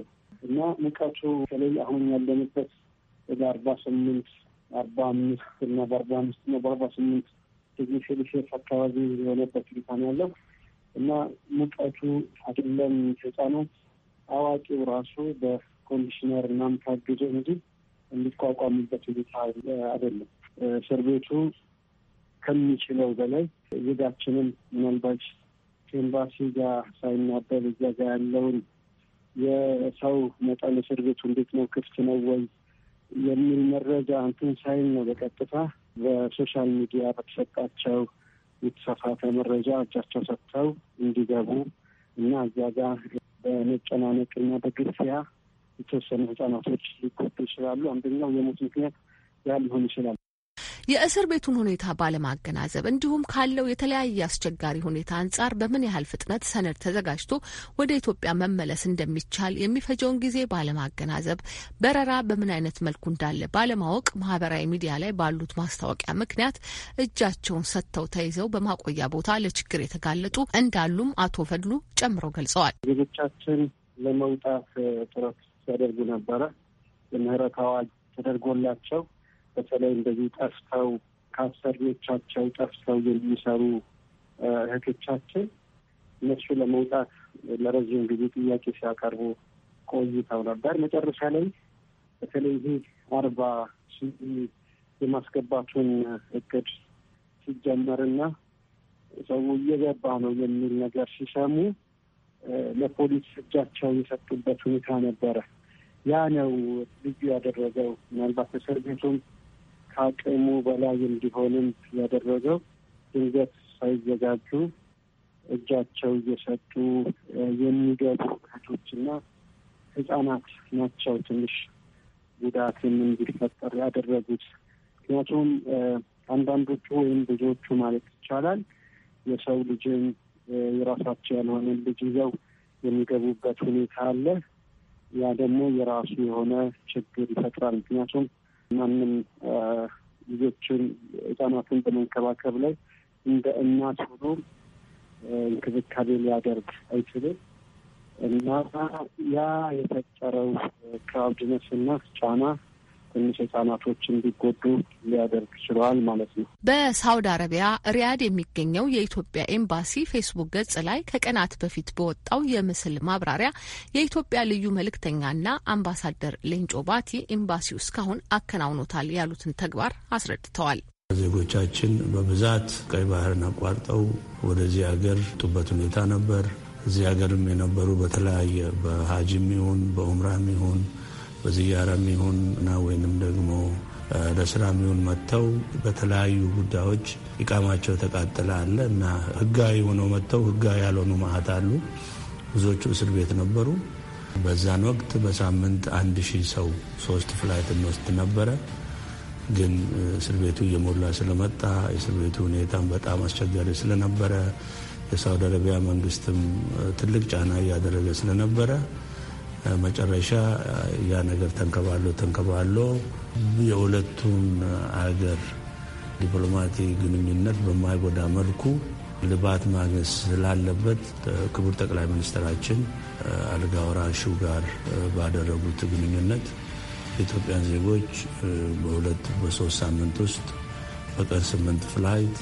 እና ሙቀቱ በተለይ አሁን ያለንበት ወደ አርባ ስምንት አርባ አምስት እና በአርባ አምስት እና በአርባ ስምንት ዲግሪ ሴልሺየስ አካባቢ የሆነበት ሁኔታ ነው ያለው እና ሙቀቱ አይደለም ህፃናት አዋቂው ራሱ በኮንዲሽነር እናም ታግዞ እንጂ የሚቋቋሙበት ሁኔታ አይደለም። እስር ቤቱ ከሚችለው በላይ ዝጋችንን ምናልባት ኤምባሲ ጋር ሳይናበብ እዚያ ጋ ያለውን የሰው መጠን እስር ቤቱ እንዴት ነው ክፍት ነው ወይ የሚል መረጃ እንትን ሳይል ነው በቀጥታ በሶሻል ሚዲያ በተሰጣቸው የተሳሳተ መረጃ እጃቸው ሰጥተው እንዲገቡ እና እዚያ ጋር በመጨናነቅና በግፊያ የተወሰኑ ህጻናቶች ሊጎዱ ይችላሉ። አንደኛው የሞት ምክንያት ያ ሊሆን ይችላል። የእስር ቤቱን ሁኔታ ባለማገናዘብ እንዲሁም ካለው የተለያየ አስቸጋሪ ሁኔታ አንጻር በምን ያህል ፍጥነት ሰነድ ተዘጋጅቶ ወደ ኢትዮጵያ መመለስ እንደሚቻል የሚፈጀውን ጊዜ ባለማገናዘብ፣ በረራ በምን አይነት መልኩ እንዳለ ባለማወቅ ማህበራዊ ሚዲያ ላይ ባሉት ማስታወቂያ ምክንያት እጃቸውን ሰጥተው ተይዘው በማቆያ ቦታ ለችግር የተጋለጡ እንዳሉም አቶ ፈድሉ ጨምረው ገልጸዋል። ዜጎቻችን ለመውጣት ጥረት ሲያደርጉ ነበረ። የምህረት አዋጅ ተደርጎላቸው በተለይ እንደዚህ ጠፍተው ከአሰሪዎቻቸው ጠፍተው የሚሰሩ እህቶቻችን እነሱ ለመውጣት ለረዥም ጊዜ ጥያቄ ሲያቀርቡ ቆይተው ነበር። መጨረሻ ላይ በተለይ ይህ አርባ ሲ የማስገባቱን እቅድ ሲጀመርና ሰው እየገባ ነው የሚል ነገር ሲሰሙ ለፖሊስ እጃቸው የሰጡበት ሁኔታ ነበረ። ያ ነው ልዩ ያደረገው። ምናልባት እስር ቤቱም ከአቅሙ በላይ እንዲሆንም ያደረገው ድንገት ሳይዘጋጁ እጃቸው እየሰጡ የሚገቡ እህቶችና ህጻናት ናቸው ትንሽ ጉዳትም እንዲፈጠር ያደረጉት። ምክንያቱም አንዳንዶቹ ወይም ብዙዎቹ ማለት ይቻላል የሰው ልጅን የራሳቸው ያልሆነ ልጅ ይዘው የሚገቡበት ሁኔታ አለ። ያ ደግሞ የራሱ የሆነ ችግር ይፈጥራል። ምክንያቱም ማንም ልጆችን ህጻናትን በመንከባከብ ላይ እንደ እናት ሆኖ እንክብካቤ ሊያደርግ አይችልም እና ያ የፈጠረው ከአብድነት እና ጫና ትንሽ ህጻናቶች እንዲጎዱ ሊያደርግ ችለዋል ማለት ነው። በሳውዲ አረቢያ ሪያድ የሚገኘው የኢትዮጵያ ኤምባሲ ፌስቡክ ገጽ ላይ ከቀናት በፊት በወጣው የምስል ማብራሪያ የኢትዮጵያ ልዩ መልእክተኛና አምባሳደር ሌንጮ ባቲ ኤምባሲው እስካሁን አከናውኖታል ያሉትን ተግባር አስረድተዋል። ዜጎቻችን በብዛት ቀይ ባህርን አቋርጠው ወደዚህ ሀገር ጡበት ሁኔታ ነበር። እዚህ ሀገርም የነበሩ በተለያየ በሀጅም ይሁን በኡምራም ይሁን በዝያራ የሚሆን እና ወይንም ደግሞ ለስራ የሚሆን መጥተው በተለያዩ ጉዳዮች ኢቃማቸው ተቃጥለ አለ እና ህጋዊ ሆነው መጥተው ህጋዊ ያልሆኑ ማአት አሉ። ብዙዎቹ እስር ቤት ነበሩ። በዛን ወቅት በሳምንት አንድ ሺህ ሰው ሶስት ፍላይት እንወስድ ነበረ። ግን እስር ቤቱ እየሞላ ስለመጣ የእስር ቤቱ ሁኔታም በጣም አስቸጋሪ ስለነበረ የሳውዲ አረቢያ መንግስትም ትልቅ ጫና እያደረገ ስለነበረ መጨረሻ ያ ነገር ተንከባሎ ተንከባሎ የሁለቱን አገር ዲፕሎማቲክ ግንኙነት በማይጎዳ መልኩ ልባት ማግኘት ስላለበት ክቡር ጠቅላይ ሚኒስትራችን አልጋ ወራሹ ጋር ባደረጉት ግንኙነት የኢትዮጵያን ዜጎች በሁለት በሶስት ሳምንት ውስጥ በቀን ስምንት ፍላይት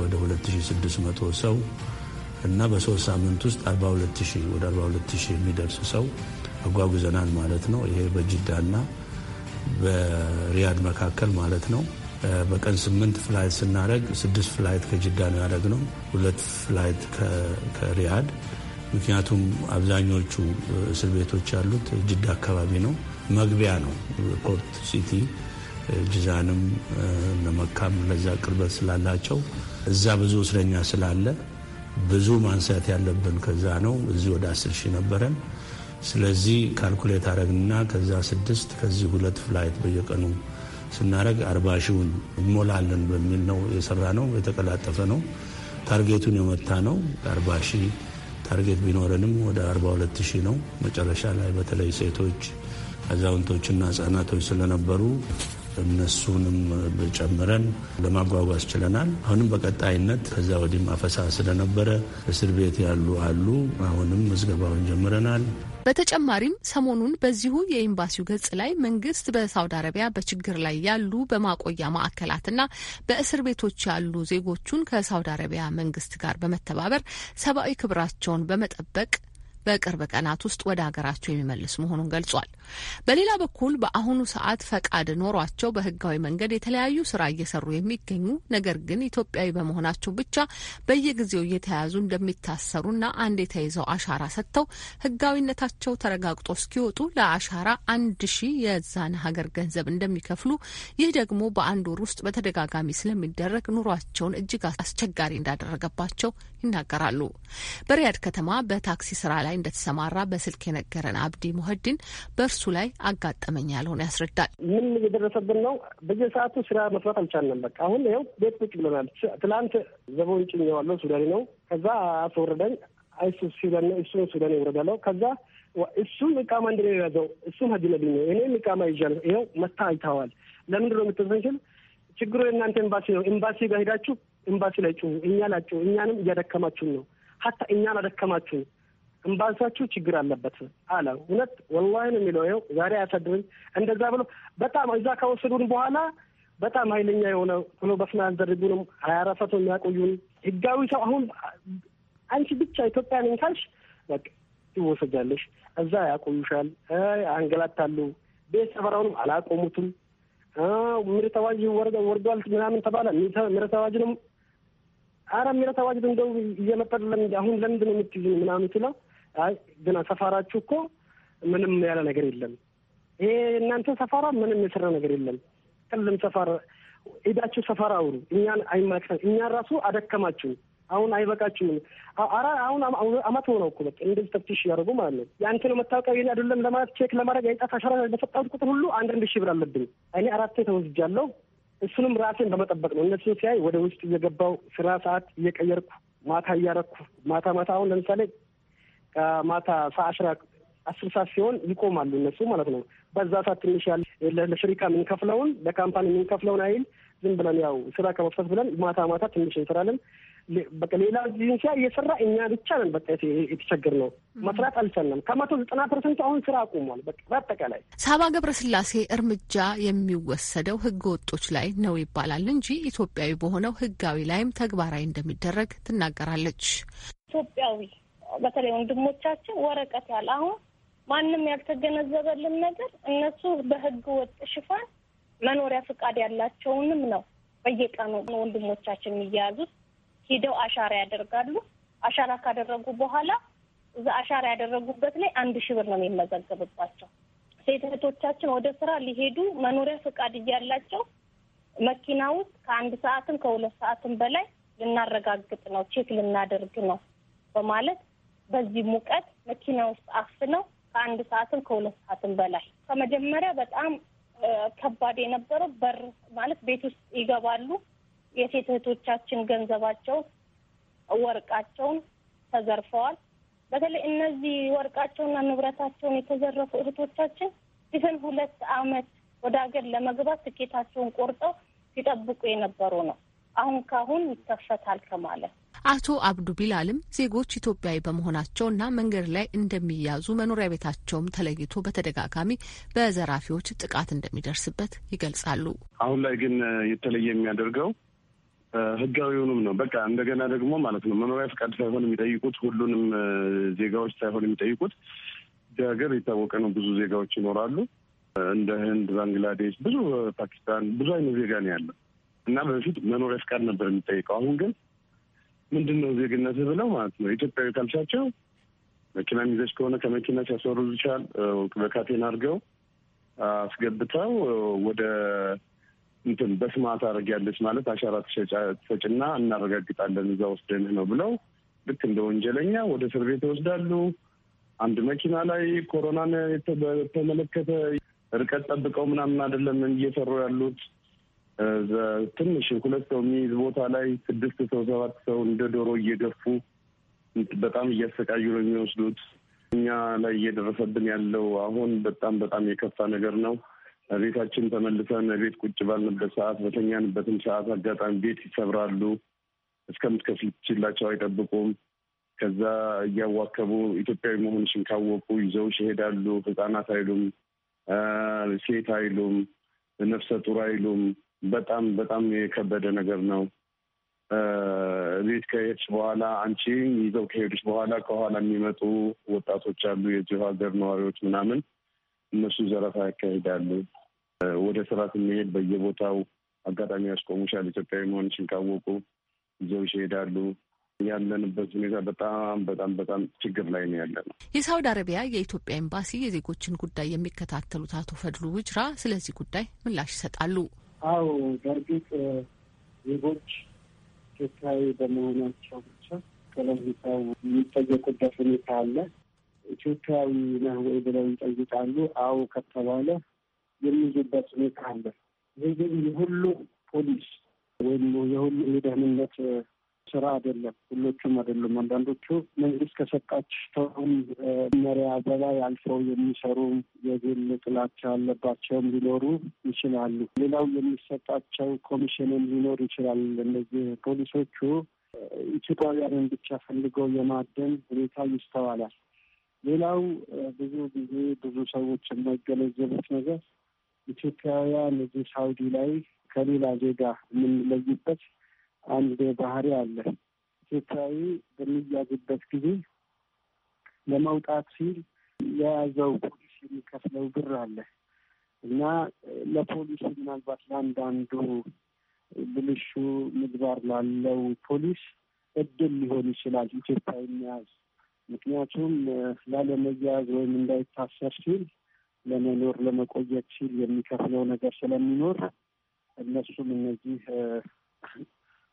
ወደ 2600 ሰው እና በሶስት ሳምንት ውስጥ 42 ወደ 42 የሚደርስ ሰው አጓጉዘናል ማለት ነው። ይሄ በጅዳና በሪያድ መካከል ማለት ነው። በቀን ስምንት ፍላይት ስናደረግ ስድስት ፍላይት ከጅዳ ነው ነው፣ ሁለት ፍላይት ከሪያድ ምክንያቱም አብዛኞቹ እስር ቤቶች ያሉት ጅዳ አካባቢ ነው። መግቢያ ነው ፖርት ሲቲ ጅዛንም መካም ለዛ ቅርበት ስላላቸው እዛ ብዙ እስረኛ ስላለ ብዙ ማንሳት ያለብን ከዛ ነው። እዚህ ወደ አስር ሺህ ነበረን። ስለዚህ ካልኩሌት አረግና ከዛ ስድስት ከዚህ ሁለት ፍላይት በየቀኑ ስናደረግ አርባ ሺውን እንሞላለን በሚል ነው የሰራ ነው። የተቀላጠፈ ነው። ታርጌቱን የመታ ነው። አርባ ሺህ ታርጌት ቢኖረንም ወደ አርባ ሁለት ሺህ ነው። መጨረሻ ላይ በተለይ ሴቶች፣ አዛውንቶችና ህጻናቶች ስለነበሩ እነሱንም ጨምረን ለማጓጓዝ ችለናል። አሁንም በቀጣይነት ከዛ ወዲህም አፈሳ ስለነበረ እስር ቤት ያሉ አሉ። አሁንም ምዝገባውን ጀምረናል። በተጨማሪም ሰሞኑን በዚሁ የኤምባሲው ገጽ ላይ መንግስት በሳውዲ አረቢያ በችግር ላይ ያሉ በማቆያ ማዕከላትና በእስር ቤቶች ያሉ ዜጎቹን ከሳውዲ አረቢያ መንግስት ጋር በመተባበር ሰብአዊ ክብራቸውን በመጠበቅ በቅርብ ቀናት ውስጥ ወደ ሀገራቸው የሚመልስ መሆኑን ገልጿል። በሌላ በኩል በአሁኑ ሰዓት ፈቃድ ኖሯቸው በህጋዊ መንገድ የተለያዩ ስራ እየሰሩ የሚገኙ ነገር ግን ኢትዮጵያዊ በመሆናቸው ብቻ በየጊዜው እየተያዙ እንደሚታሰሩና አንድ የተይዘው አሻራ ሰጥተው ህጋዊነታቸው ተረጋግጦ እስኪወጡ ለአሻራ አንድ ሺህ የዛን ሀገር ገንዘብ እንደሚከፍሉ ይህ ደግሞ በአንድ ወር ውስጥ በተደጋጋሚ ስለሚደረግ ኑሯቸውን እጅግ አስቸጋሪ እንዳደረገባቸው ይናገራሉ። በሪያድ ከተማ በታክሲ ስራ ላይ እንደተሰማራ በስልክ የነገረን አብዲ ሙህዲን በእርሱ ላይ አጋጠመኝ ያልሆነ ያስረዳል። ምን እየደረሰብን ነው? በየሰዓቱ ስራ መስራት አልቻለም። በቃ አሁን ይኸው ቤት ቁጭ ብለናል። ትላንት ዘቦን ጭኘዋለሁ። ሱዳኔ ነው። ከዛ አስወረደኝ። አይሱ ሱዳን እሱ ሱዳን ይወረዳለው። ከዛ እሱም እቃማ እንድ የያዘው እሱም ሀጅነብኝ ነው። እኔም እቃማ ይዣል። ይኸው መታ አይተዋል። ለምንድን ነው የምትሰንችል? ችግሩ የእናንተ ኤምባሲ ነው። ኤምባሲ ጋር ሄዳችሁ እምባሲ ላይ ጩሁ፣ እኛ ላይ ጩሁ። እኛንም እያደከማችሁን ነው፣ ሀታ እኛን አደከማችሁን፣ እምባሳችሁ ችግር አለበት አለ። እውነት ወላሂ ነው የሚለው ይኸው ዛሬ አያሳድርም። እንደዛ ብሎ በጣም እዛ ከወሰዱን በኋላ በጣም ኃይለኛ የሆነ ብሎ በስና ያልደረጉንም ሀያ አራት ሰዓት የሚያቆዩን። ህጋዊ ሰው አሁን አንቺ ብቻ ኢትዮጵያ ነኝ ካልሽ በቃ ይወሰጃለሽ። እዛ ያቆዩሻል፣ አንገላታሉ። ቤት ሰበራውንም አላቆሙትም። ምርት አዋጅ ወርዷል ምናምን ተባለ። ምርት አዋጅንም አረ የሚለው ታዋጅ እንደው እየመጣ ለምን አሁን ለምንድን ነው የምትይዙ ምናምን ሲለው አይ ግን ሰፋራችሁ እኮ ምንም ያለ ነገር የለም ይሄ እናንተ ሰፋራ ምንም የሰራ ነገር የለም። ቅልም ሰፋራ ሄዳችሁ ሰፋራ አውሩ እኛን አይማክሰን እኛን ራሱ አደከማችሁም። አሁን አይበቃችሁም። አራ አሁን አመት ሆነው እኮ በቃ እንደዚህ ተፍትሽ እያደረጉ ማለት ነው። የአንተ ነው መታወቂያ ይሄን አይደለም ለማለት ቼክ ለማድረግ የጣት አሻራ በሰጣሁት ቁጥር ሁሉ አንድ አንድ ሺህ ብር አለብኝ እኔ አራቴ ተወስጃለሁ። እሱንም ራሴን በመጠበቅ ነው። እነሱን ሲያይ ወደ ውስጥ እየገባው ስራ ሰዓት እየቀየርኩ ማታ እያረኩ ማታ ማታ አሁን ለምሳሌ ማታ አስራ አስር ሰዓት ሲሆን ይቆማሉ እነሱ ማለት ነው። በዛ ሰዓት ትንሽ ያለ ለሽሪካ የምንከፍለውን ለካምፓኒ የምንከፍለውን አይል ዝም ብለን ያው ስራ ከመፍሰት ብለን ማታ ማታ ትንሽ እንስራለን። በቃ ሌላ ዜሻ እየሰራ እኛ ብቻ ነን በቃ የተቸገር ነው። መስራት አልቻለም። ከመቶ ዘጠና ፐርሰንቱ አሁን ስራ አቁሟል። በቃ በአጠቃላይ ሳባ ገብረስላሴ እርምጃ የሚወሰደው ህገ ወጦች ላይ ነው ይባላል እንጂ ኢትዮጵያዊ በሆነው ህጋዊ ላይም ተግባራዊ እንደሚደረግ ትናገራለች። ኢትዮጵያዊ በተለይ ወንድሞቻችን ወረቀት ያለ አሁን ማንም ያልተገነዘበልን ነገር እነሱ በህገ ወጥ ሽፋን መኖሪያ ፍቃድ ያላቸውንም ነው በየቀኑ ወንድሞቻችን የሚያያዙት ሄደው አሻራ ያደርጋሉ። አሻራ ካደረጉ በኋላ እዛ አሻራ ያደረጉበት ላይ አንድ ሺህ ብር ነው የሚመዘገብባቸው። ሴት እህቶቻችን ወደ ስራ ሊሄዱ መኖሪያ ፈቃድ እያላቸው መኪና ውስጥ ከአንድ ሰዓትም ከሁለት ሰዓትም በላይ ልናረጋግጥ ነው፣ ቼክ ልናደርግ ነው በማለት በዚህ ሙቀት መኪና ውስጥ አፍነው ከአንድ ሰዓትም ከሁለት ሰዓትም በላይ ከመጀመሪያ በጣም ከባድ የነበረው በር ማለት ቤት ውስጥ ይገባሉ የሴት እህቶቻችን ገንዘባቸው፣ ወርቃቸውን ተዘርፈዋል። በተለይ እነዚህ ወርቃቸውና ንብረታቸውን የተዘረፉ እህቶቻችን ይህን ሁለት አመት ወደ ሀገር ለመግባት ትኬታቸውን ቆርጠው ሲጠብቁ የነበሩ ነው። አሁን ካሁን ይከፈታል ከማለት አቶ አብዱ ቢላልም ዜጎች ኢትዮጵያዊ በመሆናቸውና መንገድ ላይ እንደሚያዙ መኖሪያ ቤታቸውም ተለይቶ በተደጋጋሚ በዘራፊዎች ጥቃት እንደሚደርስበት ይገልጻሉ። አሁን ላይ ግን የተለየ የሚያደርገው ህጋዊውንም ነው። በቃ እንደገና ደግሞ ማለት ነው መኖሪያ ፈቃድ ሳይሆን የሚጠይቁት ሁሉንም ዜጋዎች ሳይሆን የሚጠይቁት ሀገር የታወቀ ነው። ብዙ ዜጋዎች ይኖራሉ እንደ ህንድ፣ ባንግላዴሽ፣ ብዙ ፓኪስታን፣ ብዙ አይነት ዜጋ ነው ያለው እና በፊት መኖሪያ ፈቃድ ነበር የሚጠይቀው። አሁን ግን ምንድን ነው ዜግነት ብለው ማለት ነው ኢትዮጵያዊ ካልሻቸው መኪና ይዘሽ ከሆነ ከመኪና ይቻል በካቴን አድርገው አስገብተው ወደ እንትን በስማት አድርጊያለች ማለት አሻራ ተሰጭና እናረጋግጣለን እዛ ወስደንህ ነው ብለው ልክ እንደ ወንጀለኛ ወደ እስር ቤት ይወስዳሉ። አንድ መኪና ላይ ኮሮናን በተመለከተ ርቀት ጠብቀው ምናምን አይደለም እየሰሩ ያሉት ትንሽ ሁለት ሰው የሚይዝ ቦታ ላይ ስድስት ሰው ሰባት ሰው እንደ ዶሮ እየገፉ በጣም እያሰቃዩ ነው የሚወስዱት። እኛ ላይ እየደረሰብን ያለው አሁን በጣም በጣም የከፋ ነገር ነው። ቤታችን ተመልሰን ቤት ቁጭ ባልንበት ሰዓት በተኛንበትን ሰዓት አጋጣሚ ቤት ይሰብራሉ። እስከምትከፍልችላቸው አይጠብቁም። ከዛ እያዋከቡ ኢትዮጵያዊ መሆንሽን ካወቁ ይዘውሽ ይሄዳሉ። ህፃናት አይሉም፣ ሴት አይሉም፣ ነፍሰ ጡር አይሉም። በጣም በጣም የከበደ ነገር ነው። ቤት ከሄድሽ በኋላ አንቺ ይዘው ከሄዱች በኋላ ከኋላ የሚመጡ ወጣቶች አሉ፣ የዚሁ ሀገር ነዋሪዎች ምናምን እነሱ ዘረፋ ያካሂዳሉ። ወደ ስራ ስንሄድ በየቦታው አጋጣሚ ያስቆሙሻል። ኢትዮጵያዊ መሆንሽን ካወቁ ይዘው ይሄዳሉ። ያለንበት ሁኔታ በጣም በጣም በጣም ችግር ላይ ነው ያለ ነው። የሳውዲ አረቢያ የኢትዮጵያ ኤምባሲ የዜጎችን ጉዳይ የሚከታተሉት አቶ ፈድሉ ውጅራ ስለዚህ ጉዳይ ምላሽ ይሰጣሉ። አዎ በእርግጥ ዜጎች ኢትዮጵያዊ በመሆናቸው ብቻ ከለሚታው የሚጠየቁበት ሁኔታ አለ። ኢትዮጵያዊ ነህ ወይ ብለው ይጠይቃሉ። አዎ ከተባለ የሚይዙበት ሁኔታ አለ። ይህ ግን የሁሉ ፖሊስ ወይም የሁሉ የደህንነት ስራ አይደለም። ሁሎቹም አይደሉም። አንዳንዶቹ መንግስት ከሰጣቸውም መሪያ በላይ አልፈው የሚሰሩ የግል ጥላቻ ያለባቸውም ሊኖሩ ይችላሉ። ሌላው የሚሰጣቸው ኮሚሽንም ሊኖር ይችላል። እነዚህ ፖሊሶቹ ኢትዮጵያውያንን ብቻ ፈልገው የማደን ሁኔታ ይስተዋላል። ሌላው ብዙ ጊዜ ብዙ ሰዎች የማይገነዘቡት ነገር ኢትዮጵያውያን እዚህ ሳውዲ ላይ ከሌላ ዜጋ የምንለይበት አንድ ባህሪ አለ። ኢትዮጵያዊ በሚያዝበት ጊዜ ለመውጣት ሲል የያዘው ፖሊስ የሚከፍለው ብር አለ እና ለፖሊሱ ምናልባት ለአንዳንዱ ብልሹ ምግባር ላለው ፖሊስ እድል ሊሆን ይችላል ኢትዮጵያዊ መያዝ። ምክንያቱም ላለመያዝ ወይም እንዳይታሰር ሲል ለመኖር ለመቆየት ሲል የሚከፍለው ነገር ስለሚኖር እነሱም እነዚህ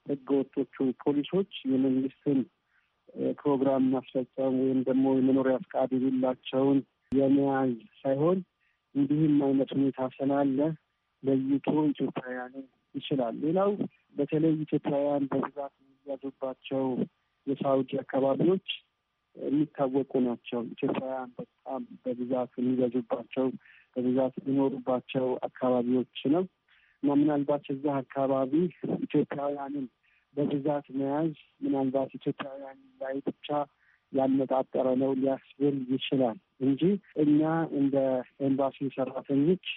ህገ ወጦቹ ፖሊሶች የመንግስትን ፕሮግራም ማስፈጸም ወይም ደግሞ የመኖሪያ ፍቃድ የሌላቸውን የመያዝ ሳይሆን እንዲህም አይነት ሁኔታ ስላለ ለይቶ ኢትዮጵያውያንን ይችላል። ሌላው በተለይ ኢትዮጵያውያን በብዛት የሚያዙባቸው የሳውዲ አካባቢዎች የሚታወቁ ናቸው። ኢትዮጵያውያን በጣም በብዛት የሚበዙባቸው በብዛት የሚኖሩባቸው አካባቢዎች ነው እና ምናልባት እዛ አካባቢ ኢትዮጵያውያንን በብዛት መያዝ ምናልባት ኢትዮጵያውያን ላይ ብቻ ያነጣጠረ ነው ሊያስብል ይችላል እንጂ እኛ እንደ ኤምባሲ ሰራተኞች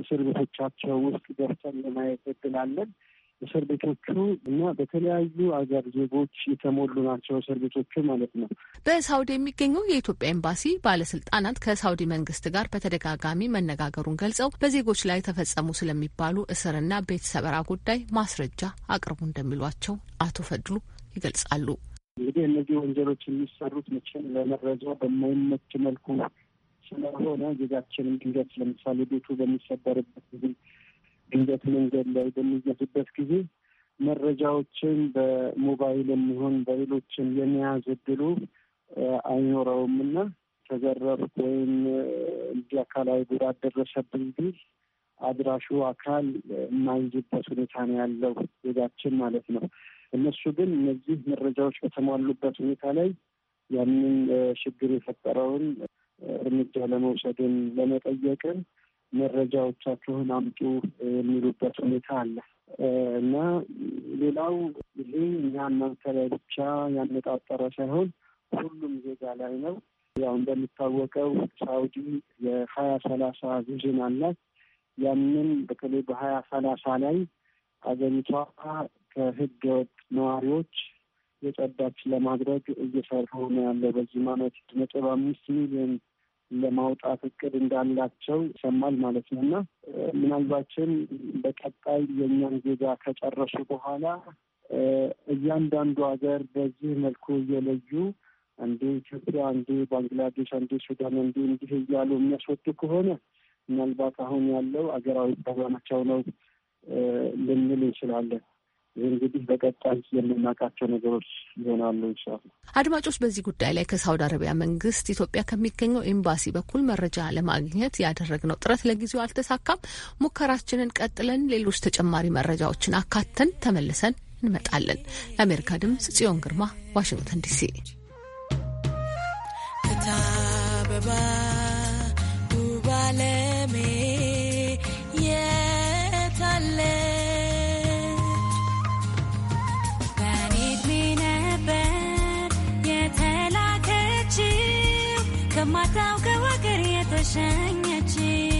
እስር ቤቶቻቸው ውስጥ ገብተን የማየት እድል አለን። እስር ቤቶቹ እና በተለያዩ አገር ዜጎች የተሞሉ ናቸው እስር ቤቶቹ ማለት ነው። በሳውዲ የሚገኘው የኢትዮጵያ ኤምባሲ ባለስልጣናት ከሳውዲ መንግስት ጋር በተደጋጋሚ መነጋገሩን ገልጸው በዜጎች ላይ ተፈጸሙ ስለሚባሉ እስርና ቤት ሰበራ ጉዳይ ማስረጃ አቅርቡ እንደሚሏቸው አቶ ፈድሉ ይገልጻሉ። እንግዲህ እነዚህ ወንጀሎች የሚሰሩት መቼም ለመረጃ በማይመች መልኩ ስለሆነ ዜጋችንም ድንገት ለምሳሌ ቤቱ በሚሰበርበት ጊዜ ድንገት መንገድ ላይ በሚገቱበት ጊዜ መረጃዎችን በሞባይል የሚሆን በሌሎችን የመያዝ እድሉ አይኖረውም እና ተዘረፍ ወይም እንዲህ አካላዊ ጉዳት ደረሰብን ቢል አድራሹ አካል የማይዝበት ሁኔታ ነው ያለው ዜጋችን ማለት ነው። እነሱ ግን እነዚህ መረጃዎች በተሟሉበት ሁኔታ ላይ ያንን ችግር የፈጠረውን እርምጃ ለመውሰድን ለመጠየቅን መረጃዎቻችሁን አምጡ የሚሉበት ሁኔታ አለ እና ሌላው ይሄ እኛ እናንተ ላይ ብቻ ያነጣጠረ ሳይሆን ሁሉም ዜጋ ላይ ነው። ያው እንደሚታወቀው ሳውዲ የሀያ ሰላሳ ቪዥን አላት። ያንን በተለይ በሀያ ሰላሳ ላይ አገሪቷ ከህገ ወጥ ነዋሪዎች የጸዳች ለማድረግ እየሰሩ ነው ያለው። በዚህም አመት ነጥብ አምስት ሚሊዮን ለማውጣት እቅድ እንዳላቸው ይሰማል ማለት ነው እና ምናልባችን በቀጣይ የእኛን ዜጋ ከጨረሱ በኋላ እያንዳንዱ ሀገር በዚህ መልኩ እየለዩ አንዱ ኢትዮጵያ፣ አንዱ ባንግላዴሽ፣ አንዱ ሱዳን፣ አንዱ እንዲህ እያሉ የሚያስወጡ ከሆነ ምናልባት አሁን ያለው ሀገራዊ ፕሮግራማቸው ነው ልንል እንችላለን። ይህ እንግዲህ በቀጣይ የምናውቃቸው ነገሮች ይሆናሉ። ይችላሉ አድማጮች፣ በዚህ ጉዳይ ላይ ከሳውዲ አረቢያ መንግስት ኢትዮጵያ ከሚገኘው ኤምባሲ በኩል መረጃ ለማግኘት ያደረግነው ጥረት ለጊዜው አልተሳካም። ሙከራችንን ቀጥለን ሌሎች ተጨማሪ መረጃዎችን አካተን ተመልሰን እንመጣለን። ለአሜሪካ ድምጽ ጽዮን ግርማ፣ ዋሽንግተን ዲሲ። Bye. ማታው ከዋገር የተሸኘችው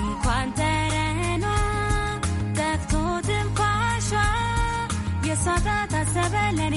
እንኳን ተረኗ ጠፍቶ ትንፋሿ የሷ ታታሰበ ለኔ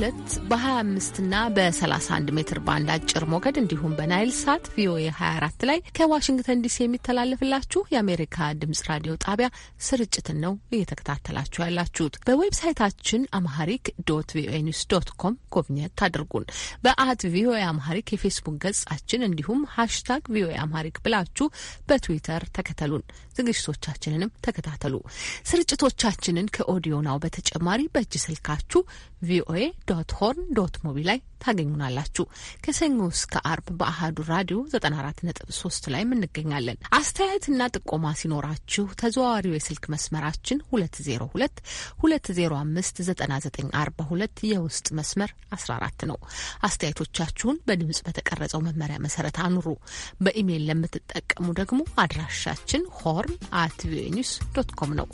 በ በ25 እና በ31 ሜትር ባንድ አጭር ሞገድ እንዲሁም በናይል ሳት ቪኦኤ 24 ላይ ከዋሽንግተን ዲሲ የሚተላለፍላችሁ የአሜሪካ ድምጽ ራዲዮ ጣቢያ ስርጭትን ነው እየተከታተላችሁ ያላችሁት። በዌብሳይታችን አምሃሪክ ዶት ቪኦኤ ኒውስ ዶት ኮም ጎብኘት አድርጉን። በአት ቪኦኤ አምሃሪክ የፌስቡክ ገጻችን እንዲሁም ሃሽታግ ቪኦኤ አምሃሪክ ብላችሁ በትዊተር ተከተሉን። ዝግጅቶቻችንንም ተከታተሉ። ስርጭቶቻችንን ከኦዲዮ ናው በተጨማሪ በእጅ ስልካችሁ ቪኦኤ ዶት ሆርን ዶት ሞቢ ላይ ታገኙናላችሁ። ከሰኞ እስከ አርብ በአህዱ ራዲዮ 94.3 ላይ እንገኛለን። አስተያየትና ጥቆማ ሲኖራችሁ ተዘዋዋሪው የስልክ መስመራችን 2022059942 የውስጥ መስመር 14 ነው። አስተያየቶቻችሁን በድምጽ በተቀረጸው መመሪያ መሰረት አኑሩ። በኢሜይል ለምትጠቀሙ ደግሞ አድራሻችን ሆርን አት ቪኦኤ ኒውስ ዶት ኮም ነው።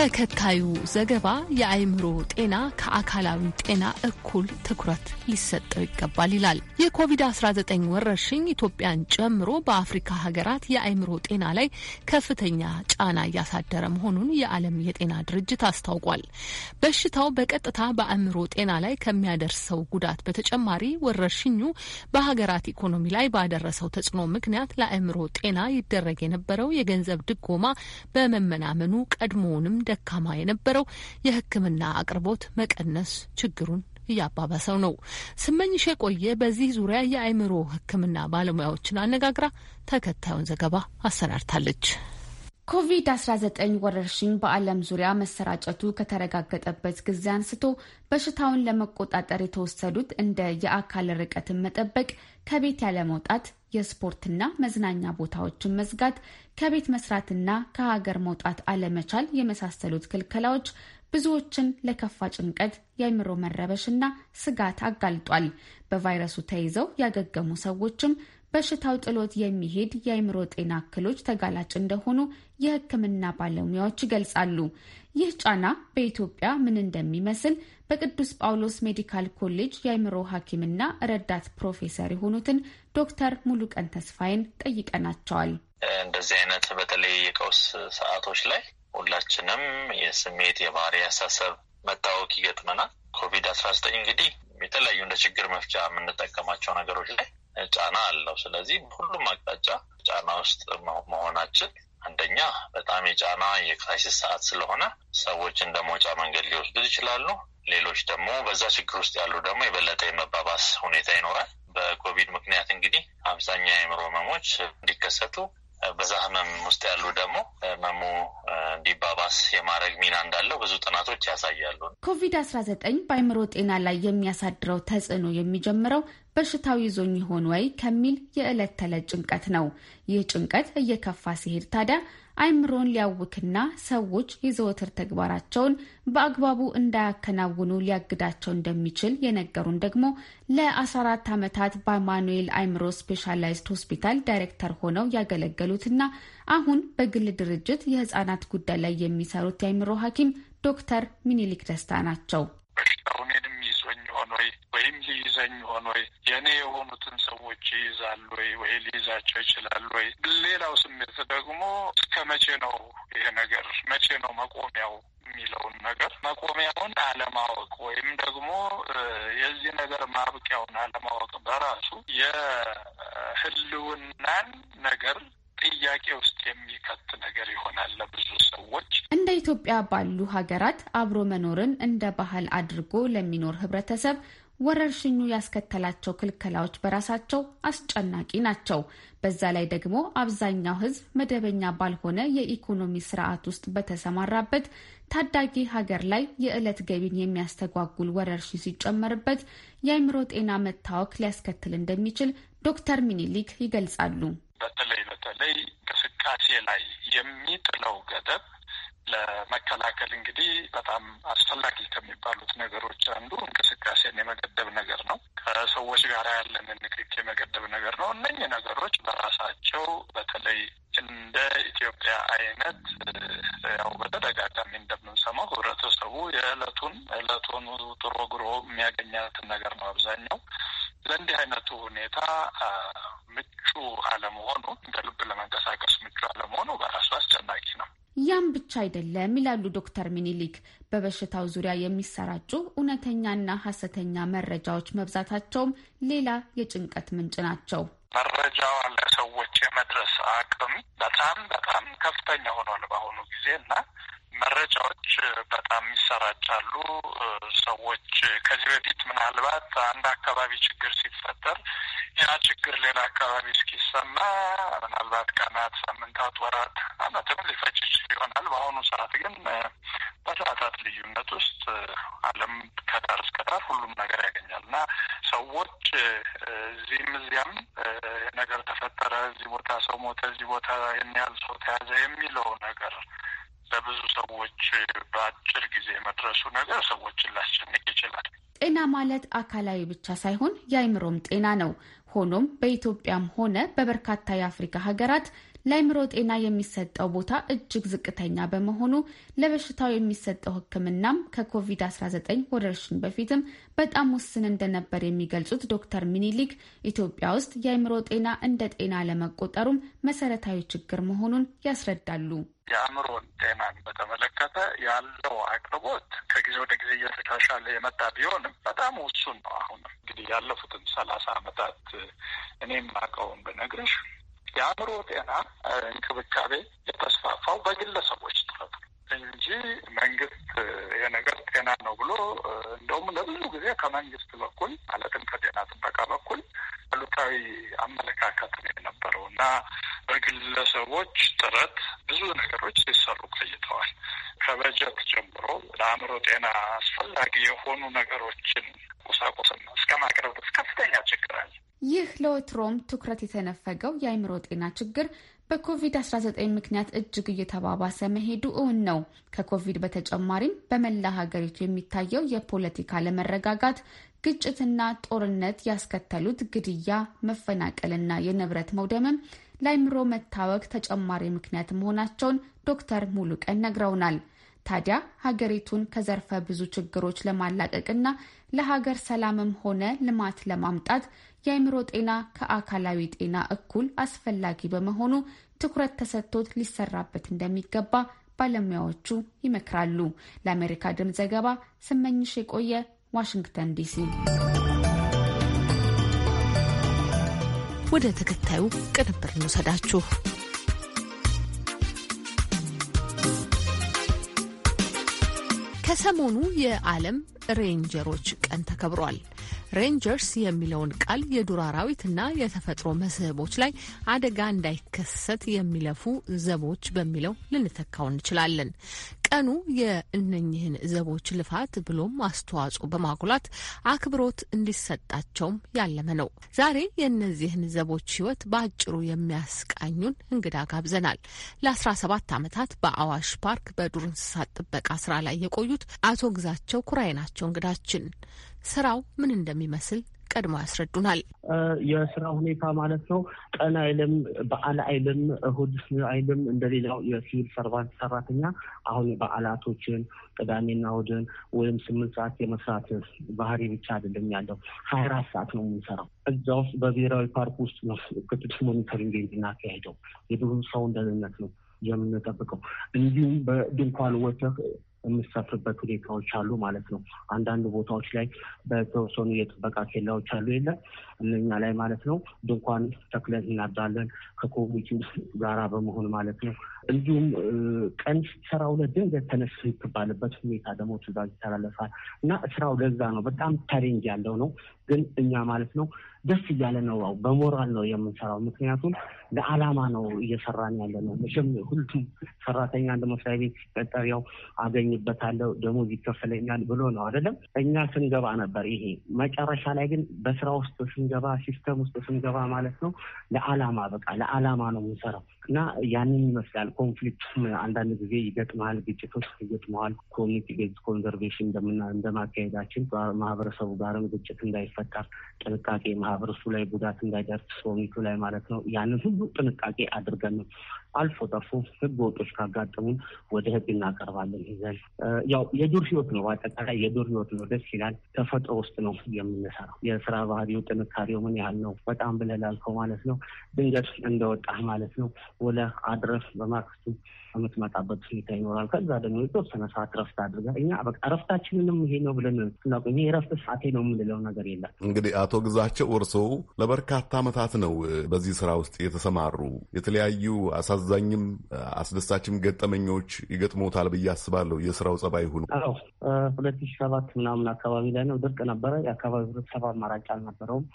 ተከታዩ ዘገባ የአእምሮ ጤና ከአካላዊ ጤና እኩል ትኩረት ሊሰጠው ይገባል ይላል። የኮቪድ-19 ወረርሽኝ ኢትዮጵያን ጨምሮ በአፍሪካ ሀገራት የአእምሮ ጤና ላይ ከፍተኛ ጫና እያሳደረ መሆኑን የዓለም የጤና ድርጅት አስታውቋል። በሽታው በቀጥታ በአእምሮ ጤና ላይ ከሚያደርሰው ጉዳት በተጨማሪ ወረርሽኙ በሀገራት ኢኮኖሚ ላይ ባደረሰው ተጽዕኖ ምክንያት ለአእምሮ ጤና ይደረግ የነበረው የገንዘብ ድጎማ በመመናመኑ ቀድሞውንም ደካማ የነበረው የሕክምና አቅርቦት መቀነስ ችግሩን እያባባሰው ነው። ስመኝሽ የቆየ በዚህ ዙሪያ የአእምሮ ሕክምና ባለሙያዎችን አነጋግራ ተከታዩን ዘገባ አሰናድታለች። ኮቪድ-19 ወረርሽኝ በዓለም ዙሪያ መሰራጨቱ ከተረጋገጠበት ጊዜ አንስቶ በሽታውን ለመቆጣጠር የተወሰዱት እንደ የአካል ርቀትን መጠበቅ፣ ከቤት ያለመውጣት የስፖርትና መዝናኛ ቦታዎችን መዝጋት፣ ከቤት መስራትና ከሀገር መውጣት አለመቻል የመሳሰሉት ክልከላዎች ብዙዎችን ለከፋ ጭንቀት፣ የአእምሮ መረበሽና ስጋት አጋልጧል። በቫይረሱ ተይዘው ያገገሙ ሰዎችም በሽታው ጥሎት የሚሄድ የአእምሮ ጤና እክሎች ተጋላጭ እንደሆኑ የሕክምና ባለሙያዎች ይገልጻሉ። ይህ ጫና በኢትዮጵያ ምን እንደሚመስል በቅዱስ ጳውሎስ ሜዲካል ኮሌጅ የአእምሮ ሐኪምና ረዳት ፕሮፌሰር የሆኑትን ዶክተር ሙሉቀን ተስፋይን ጠይቀናቸዋል። እንደዚህ አይነት በተለይ የቀውስ ሰዓቶች ላይ ሁላችንም የስሜት የባህሪ ያሳሰብ መታወቅ ይገጥመናል። ኮቪድ አስራ ዘጠኝ እንግዲህ የተለያዩ እንደ ችግር መፍቻ የምንጠቀማቸው ነገሮች ላይ ጫና አለው። ስለዚህ ሁሉም አቅጣጫ ጫና ውስጥ መሆናችን አንደኛ በጣም የጫና የክራይሲስ ሰዓት ስለሆነ ሰዎች እንደ መውጫ መንገድ ሊወስዱ ይችላሉ። ሌሎች ደግሞ በዛ ችግር ውስጥ ያሉ ደግሞ የበለጠ የመባባስ ሁኔታ ይኖራል። በኮቪድ ምክንያት እንግዲህ አብዛኛ የአእምሮ ህመሞች እንዲከሰቱ በዛ ህመም ውስጥ ያሉ ደግሞ ህመሙ እንዲባባስ የማድረግ ሚና እንዳለው ብዙ ጥናቶች ያሳያሉ። ኮቪድ አስራ ዘጠኝ በአእምሮ ጤና ላይ የሚያሳድረው ተጽዕኖ የሚጀምረው በሽታው ይዞኝ ይሆን ወይ ከሚል የዕለት ተዕለት ጭንቀት ነው። ይህ ጭንቀት እየከፋ ሲሄድ ታዲያ አይምሮን ሊያውክና ሰዎች የዘወትር ተግባራቸውን በአግባቡ እንዳያከናውኑ ሊያግዳቸው እንደሚችል የነገሩን ደግሞ ለ14 ዓመታት በማኑኤል አይምሮ ስፔሻላይዝድ ሆስፒታል ዳይሬክተር ሆነው ያገለገሉትና አሁን በግል ድርጅት የህፃናት ጉዳይ ላይ የሚሰሩት የአይምሮ ሐኪም ዶክተር ሚኒሊክ ደስታ ናቸው። ይሆን ወይ ወይም ሊይዘኝ ይሆን ወይ የእኔ የሆኑትን ሰዎች ይይዛል ወይ ወይ ሊይዛቸው ይችላል ወይ። ሌላው ስሜት ደግሞ እስከ መቼ ነው ይሄ ነገር መቼ ነው መቆሚያው የሚለውን ነገር መቆሚያውን አለማወቅ ወይም ደግሞ የዚህ ነገር ማብቂያውን አለማወቅ በራሱ የህልውናን ነገር ጥያቄ ውስጥ የሚከት ነገር ይሆናል ለብዙ ሰዎች። እንደ ኢትዮጵያ ባሉ ሀገራት አብሮ መኖርን እንደ ባህል አድርጎ ለሚኖር ህብረተሰብ ወረርሽኙ ያስከተላቸው ክልከላዎች በራሳቸው አስጨናቂ ናቸው። በዛ ላይ ደግሞ አብዛኛው ህዝብ መደበኛ ባልሆነ የኢኮኖሚ ስርዓት ውስጥ በተሰማራበት ታዳጊ ሀገር ላይ የዕለት ገቢን የሚያስተጓጉል ወረርሽኝ ሲጨመርበት የአእምሮ ጤና መታወክ ሊያስከትል እንደሚችል ዶክተር ሚኒሊክ ይገልጻሉ። በተለይ በተለይ እንቅስቃሴ ላይ የሚጥለው ገደብ ለመከላከል እንግዲህ በጣም አስፈላጊ ከሚባሉት ነገሮች አንዱ እንቅስቃሴን የመገደብ ነገር ነው። ከሰዎች ጋር ያለን ንክኪ የመገደብ ነገር ነው። እነኚህ ነገሮች በራሳቸው በተለይ እንደ ኢትዮጵያ አይነት ያው በተደጋጋሚ እንደምንሰማው ህብረተሰቡ የዕለቱን ዕለቱን ጥሮ ግሮ የሚያገኛትን ነገር ነው አብዛኛው ለእንዲህ አይነቱ ሁኔታ አይደለም ይላሉ ዶክተር ሚኒሊክ። በበሽታው ዙሪያ የሚሰራጩ እውነተኛና ሀሰተኛ መረጃዎች መብዛታቸውም ሌላ የጭንቀት ምንጭ ናቸው። መረጃዋ ለሰዎች የመድረስ አቅም በጣም በጣም ከፍተኛ ሆኗል በአሁኑ ጊዜ እና መረጃዎች በጣም ይሰራጫሉ። ሰዎች ከዚህ በፊት ምናልባት አንድ አካባቢ ችግር ሲፈጠር ያ ችግር ሌላ አካባቢ እስኪሰማ ምናልባት ቀናት፣ ሳምንታት፣ ወራት አመትም ሊፈጅ ይሆናል። በአሁኑ ሰዓት ግን በሰዓታት ልዩነት ውስጥ ዓለም ከዳር እስከ ዳር ሁሉም ነገር ያገኛል እና ሰዎች እዚህም እዚያም ነገር ተፈጠረ፣ እዚህ ቦታ ሰው ሞተ፣ እዚህ ቦታ ይህን ያህል ሰው ተያዘ የሚለው ነገር ለብዙ ሰዎች በአጭር ጊዜ የመድረሱ ነገር ሰዎችን ላስጨንቅ ይችላል። ጤና ማለት አካላዊ ብቻ ሳይሆን የአይምሮም ጤና ነው። ሆኖም በኢትዮጵያም ሆነ በበርካታ የአፍሪካ ሀገራት ለአይምሮ ጤና የሚሰጠው ቦታ እጅግ ዝቅተኛ በመሆኑ ለበሽታው የሚሰጠው ሕክምናም ከኮቪድ-19 ወረርሽኝ በፊትም በጣም ውስን እንደነበር የሚገልጹት ዶክተር ሚኒሊክ ኢትዮጵያ ውስጥ የአእምሮ ጤና እንደ ጤና ለመቆጠሩም መሰረታዊ ችግር መሆኑን ያስረዳሉ። የአእምሮን ጤናን በተመለከተ ያለው አቅርቦት ከጊዜ ወደ ጊዜ እየተሻሻለ የመጣ ቢሆንም በጣም ውሱን ነው። አሁን እንግዲህ ያለፉትን ሰላሳ ዓመታት እኔም አውቀውን ብነግርሽ የአእምሮ ጤና እንክብካቤ የተስፋፋው በግለሰቦች ጥረት ነው። እንጂ መንግስት የነገር ጤና ነው ብሎ እንደውም ለብዙ ጊዜ ከመንግስት በኩል ማለትም ከጤና ጥበቃ በኩል አሉታዊ አመለካከት ነው የነበረው እና በግለሰቦች ጥረት ብዙ ነገሮች ሲሰሩ ቆይተዋል። ከበጀት ጀምሮ ለአእምሮ ጤና አስፈላጊ የሆኑ ነገሮችን ቁሳቁስን እስከ ማቅረብ ከፍተኛ ችግር አለ። ይህ ለወትሮም ትኩረት የተነፈገው የአእምሮ ጤና ችግር በኮቪድ-19 ምክንያት እጅግ እየተባባሰ መሄዱ እውን ነው። ከኮቪድ በተጨማሪም በመላ ሀገሪቱ የሚታየው የፖለቲካ ለመረጋጋት ግጭትና ጦርነት ያስከተሉት ግድያ፣ መፈናቀልና የንብረት መውደምም ለአይምሮ መታወክ ተጨማሪ ምክንያት መሆናቸውን ዶክተር ሙሉቀን ነግረውናል። ታዲያ ሀገሪቱን ከዘርፈ ብዙ ችግሮች ለማላቀቅና ለሀገር ሰላምም ሆነ ልማት ለማምጣት የአእምሮ ጤና ከአካላዊ ጤና እኩል አስፈላጊ በመሆኑ ትኩረት ተሰጥቶት ሊሰራበት እንደሚገባ ባለሙያዎቹ ይመክራሉ። ለአሜሪካ ድምፅ ዘገባ ስመኝሽ የቆየ ዋሽንግተን ዲሲ። ወደ ተከታዩ ቅንብር እንውሰዳችሁ። ከሰሞኑ የዓለም ሬንጀሮች ቀን ተከብሯል። ሬንጀርስ የሚለውን ቃል የዱር አራዊትና የተፈጥሮ መስህቦች ላይ አደጋ እንዳይከሰት የሚለፉ ዘቦች በሚለው ልንተካው እንችላለን። ቀኑ የእነኝህን ዘቦች ልፋት ብሎም አስተዋጽኦ በማጉላት አክብሮት እንዲሰጣቸውም ያለመ ነው። ዛሬ የእነዚህን ዘቦች ህይወት በአጭሩ የሚያስቃኙን እንግዳ ጋብዘናል። ለአስራ ሰባት ዓመታት በአዋሽ ፓርክ በዱር እንስሳት ጥበቃ ስራ ላይ የቆዩት አቶ ግዛቸው ኩራይ ናቸው እንግዳችን። ስራው ምን እንደሚመስል ቀድሞ ያስረዱናል። የስራ ሁኔታ ማለት ነው። ቀን አይልም፣ በዓል አይልም፣ እሁድ አይልም። እንደሌላው የሲቪል ሰርቫንት ሰራተኛ አሁን በዓላቶችን ቅዳሜና እሁድን ወይም ስምንት ሰዓት የመስራት ባህሪ ብቻ አይደለም ያለው፣ ሀያ አራት ሰዓት ነው የምንሰራው። እዛ ውስጥ በብሔራዊ ፓርክ ውስጥ ነው ክትትል ሞኒተሪንግ የምናካሄደው። የዱር ሰውን ደህንነት ነው የምንጠብቀው። እንዲሁም በድንኳን ወተህ የምሰፍርበት ሁኔታዎች አሉ ማለት ነው። አንዳንድ ቦታዎች ላይ በተወሰኑ የጥበቃ ኬላዎች አሉ የለ እነኛ ላይ ማለት ነው ድንኳን ተክለን እናድራለን ከኮሚቲ ጋራ በመሆን ማለት ነው። እንዲሁም ቀን ስራው ለድንገት ተነሱ ይባልበት ሁኔታ ደግሞ ትዕዛዝ ይተላለፋል እና ስራው ለዛ ነው በጣም ተሬንጅ ያለው ነው። ግን እኛ ማለት ነው ደስ እያለ ነው በሞራል ነው የምንሰራው። ምክንያቱም ለአላማ ነው እየሰራን ያለ ነው። መቼም ሁሉም ሰራተኛ እንደ መስሪያ ቤት ሲቀጠር ያው አገኝበታለሁ ደሞዝ ይከፈለኛል ብሎ ነው አይደለም። እኛ ስንገባ ነበር ይሄ መጨረሻ ላይ ግን በስራ ውስጥ ስንገባ ሲስተም ውስጥ ስንገባ ማለት ነው ለአላማ በቃ ለአላማ ነው የምንሰራው። እና ያንን ይመስላል። ኮንፍሊክቱም አንዳንድ ጊዜ ይገጥመሃል፣ ግጭቶች ይገጥመዋል። ኮሚኒቲ ቤዝ ኮንዘርቬሽን እንደማካሄዳችን ማህበረሰቡ ጋርም ግጭት እንዳይፈጠር ጥንቃቄ ማህበረሱ ላይ ጉዳት እንዳይደርስ ሶሚቱ ላይ ማለት ነው። ያንን ሁሉ ጥንቃቄ አድርገን ነው አልፎ ጠፎ ህግ ወጦች ካጋጠሙን ወደ ህግ እናቀርባለን። ይዘን ያው የዱር ህይወት ነው፣ አጠቃላይ የዱር ህይወት ነው። ደስ ይላል። ተፈጥሮ ውስጥ ነው የምንሰራው። የስራ ባህሪው ጥንካሬው ምን ያህል ነው በጣም ብለህ ላልከው ማለት ነው። ድንገት እንደወጣህ ማለት ነው ወደ አድረስ በማክስቱ የምትመጣበት ሁኔታ ይኖራል። ከዛ ደግሞ የተወሰነ ሰዓት ረፍት አድርጋ እኛ በቃ ረፍታችንንም ይሄ ነው ብለን ስናቆ ይሄ ረፍት ሰዓቴ ነው የምንለው ነገር የለም። እንግዲህ አቶ ግዛቸው እርስዎ ለበርካታ ዓመታት ነው በዚህ ስራ ውስጥ የተሰማሩ። የተለያዩ አሳዛኝም አስደሳችም ገጠመኞች ይገጥሞታል ብዬ አስባለሁ። የስራው ጸባይ ሁኑ ሁለት ሺህ ሰባት ምናምን አካባቢ ላይ ነው ድርቅ ነበረ። የአካባቢ ህብረተሰብ አማራጭ አልነበረውም።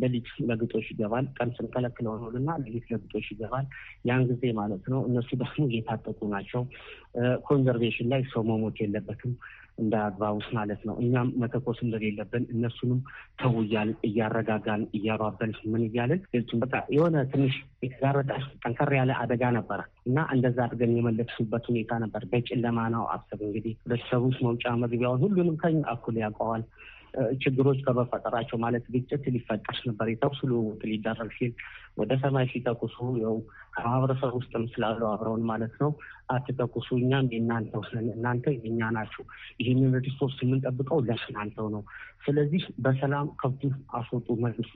ሌሊት ለግጦሽ ይገባል። ቀን ስንከለክለው ነውና ሌሊት ለግጦሽ ይገባል። ያን ጊዜ ማለት ነው እነሱ ደግሞ እየታጠቁ ናቸው። ኮንዘርቬሽን ላይ ሰው መሞት የለበትም እንደ አግባቡስ ማለት ነው። እኛም መተኮስ እንደሌለብን እነሱንም ተው እያልን እያረጋጋን እያባበን ምን እያልን በቃ የሆነ ትንሽ የተጋረጠ ጠንከር ያለ አደጋ ነበረ እና እንደዛ አድርገን የመለሱበት ሁኔታ ነበር። በጨለማ ነው አሰብ እንግዲህ ቤተሰቡስ መውጫ መግቢያውን ሁሉንም ከኝ አኩል ያውቀዋል። ችግሮች ከመፈጠራቸው ማለት ግጭት ሊፈጠር ነበር፣ የተኩስ ልውውጥ ሊደረግ ሲል ወደ ሰማይ ሲተኩሱ ያው ከማህበረሰብ ውስጥም ስላሉ አብረውን ማለት ነው አትጠቁሱ፣ እኛም የእናንተው እናንተ የእኛ ናችሁ። ይህንን ሪሶርስ የምንጠብቀው ለእናንተው ነው። ስለዚህ በሰላም ከብቱ አስወጡ መልሱ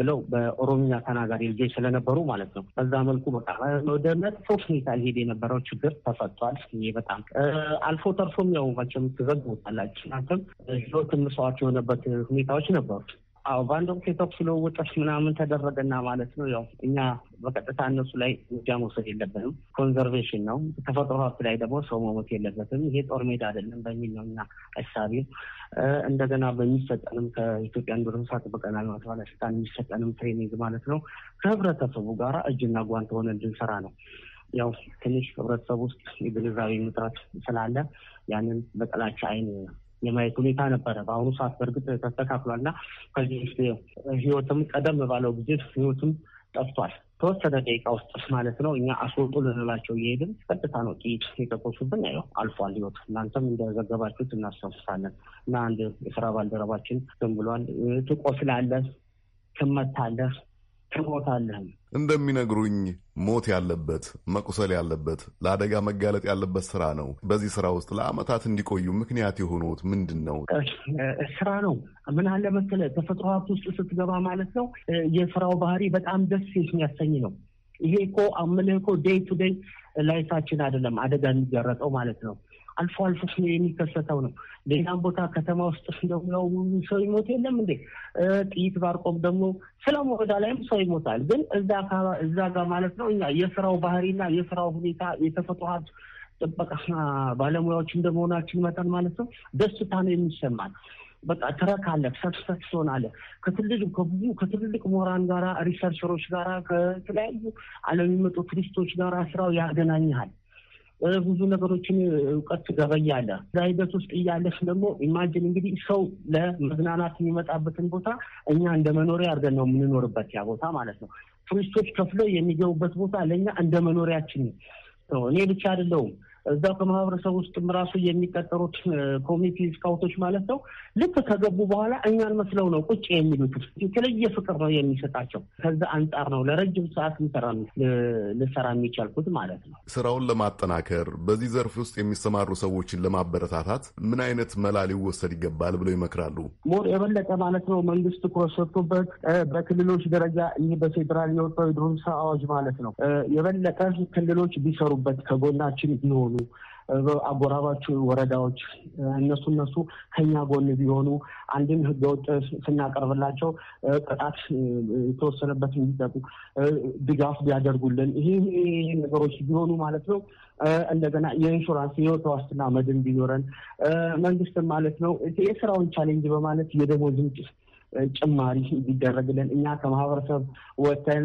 ብለው በኦሮሚያ ተናጋሪ ልጆች ስለነበሩ ማለት ነው። በዛ መልኩ በቃ ወደ መጥፎ ሁኔታ ሊሄድ የነበረው ችግር ተፈቷል። ይ በጣም አልፎ ተርፎም ያው መቼም ትዘግቦታላችሁ እናንተም ህይወት መስዋዕት የሆነበት ሁኔታዎች ነበሩት። አዎ በአንድ ወቅት የተኩስ ልውውጦች ምናምን ተደረገና ማለት ነው። ያው እኛ በቀጥታ እነሱ ላይ እርምጃ መውሰድ የለብንም። ኮንዘርቬሽን ነው። ተፈጥሮ ሀብት ላይ ደግሞ ሰው መሞት የለበትም። ይሄ ጦር ሜዳ አይደለም በሚል ነው እኛ አሳቢ እንደገና በሚሰጠንም ከኢትዮጵያ ዱር እንስሳት ጥበቃና ልማት ባለስልጣን የሚሰጠንም ትሬኒንግ ማለት ነው ከህብረተሰቡ ጋር እጅና ጓንት ሆነ እንድንሰራ ነው። ያው ትንሽ ህብረተሰብ ውስጥ የግንዛቤ ምጥረት ስላለ ያንን በጥላቻ አይን የማየት ሁኔታ ነበረ። በአሁኑ ሰዓት በእርግጥ ተስተካክሏል እና ከዚህ ህይወትም ቀደም ባለው ጊዜ ህይወትም ጠፍቷል። ተወሰነ ደቂቃ ውስጥ ማለት ነው። እኛ አስወጡ ልንላቸው እየሄድን ቀጥታ ነው ጥይት የተኮሱብን። ያው አልፏል ህይወት። እናንተም እንደዘገባችሁት እናስታውሳለን እና አንድ የስራ ባልደረባችን ዝም ብሏል። ትቆስላለህ፣ ትመታለህ፣ ትሞታለህም እንደሚነግሩኝ ሞት ያለበት መቁሰል ያለበት ለአደጋ መጋለጥ ያለበት ስራ ነው። በዚህ ስራ ውስጥ ለአመታት እንዲቆዩ ምክንያት የሆኑት ምንድን ነው? ስራ ነው። ምን አለ መሰለህ፣ ተፈጥሮ ሀብት ውስጥ ስትገባ ማለት ነው የስራው ባህሪ በጣም ደስ የሚያሰኝ ነው። ይሄ እኮ አምልህ እኮ ዴይ ቱ ዴይ ላይፋችን አይደለም አደጋ የሚገረጠው ማለት ነው አልፎ አልፎ የሚከሰተው ነው። ሌላም ቦታ ከተማ ውስጥ ስለሚያው ሰው ይሞት የለም እንዴ? ጥይት ባርቆም ደግሞ ስለ ወረዳ ላይም ሰው ይሞታል። ግን እዛ እዛ ጋር ማለት ነው እኛ የስራው ባህሪና የስራው ሁኔታ የተፈጥሮ ሀብት ጥበቃ ባለሙያዎች እንደመሆናችን መጠን ማለት ነው ደስታ ነው የሚሰማል። በቃ ትረክ አለ ሳትስፋክሽን አለ። ከትልል ከብዙ ከትልልቅ ምሁራን ጋራ ሪሰርቸሮች ጋራ ከተለያዩ ዓለም የሚመጡ ቱሪስቶች ጋራ ስራው ያገናኝሃል። ብዙ ነገሮችን እውቀት ትገበያለ። እዛ ሂደት ውስጥ እያለች ደግሞ ኢማጅን እንግዲህ ሰው ለመዝናናት የሚመጣበትን ቦታ እኛ እንደ መኖሪያ አድርገን ነው የምንኖርበት ያ ቦታ ማለት ነው። ቱሪስቶች ከፍለው የሚገቡበት ቦታ ለእኛ እንደ መኖሪያችን ነው። እኔ ብቻ አይደለውም እዛ በማህበረሰብ ውስጥም ራሱ የሚቀጠሩት ኮሚቲ ስካውቶች ማለት ነው። ልክ ከገቡ በኋላ እኛን መስለው ነው ቁጭ የሚሉት። የተለየ ፍቅር ነው የሚሰጣቸው። ከዛ አንጻር ነው ለረጅም ሰዓት ልሰራ የሚቻልኩት ማለት ነው። ስራውን ለማጠናከር በዚህ ዘርፍ ውስጥ የሚሰማሩ ሰዎችን ለማበረታታት ምን አይነት መላ ሊወሰድ ይገባል ብለው ይመክራሉ? ሞር የበለጠ ማለት ነው መንግስት ትኩረት በክልሎች ደረጃ ይህ በፌዴራል የወጣው የድሮን አዋጅ ማለት ነው የበለጠ ክልሎች ቢሰሩበት ከጎናችን ቢሆኑ ቢሆኑ አጎራባች ወረዳዎች እነሱ እነሱ ከኛ ጎን ቢሆኑ አንድም ህገወጥ ስናቀርብላቸው ቅጣት የተወሰነበት እንዲጠቁ ድጋፍ ቢያደርጉልን ይህ ነገሮች ቢሆኑ ማለት ነው። እንደገና የኢንሹራንስ የህይወት ዋስትና መድን ቢኖረን መንግስትን ማለት ነው የስራውን ቻሌንጅ በማለት የደሞዝ ጭማሪ ቢደረግልን እኛ ከማህበረሰብ ወተን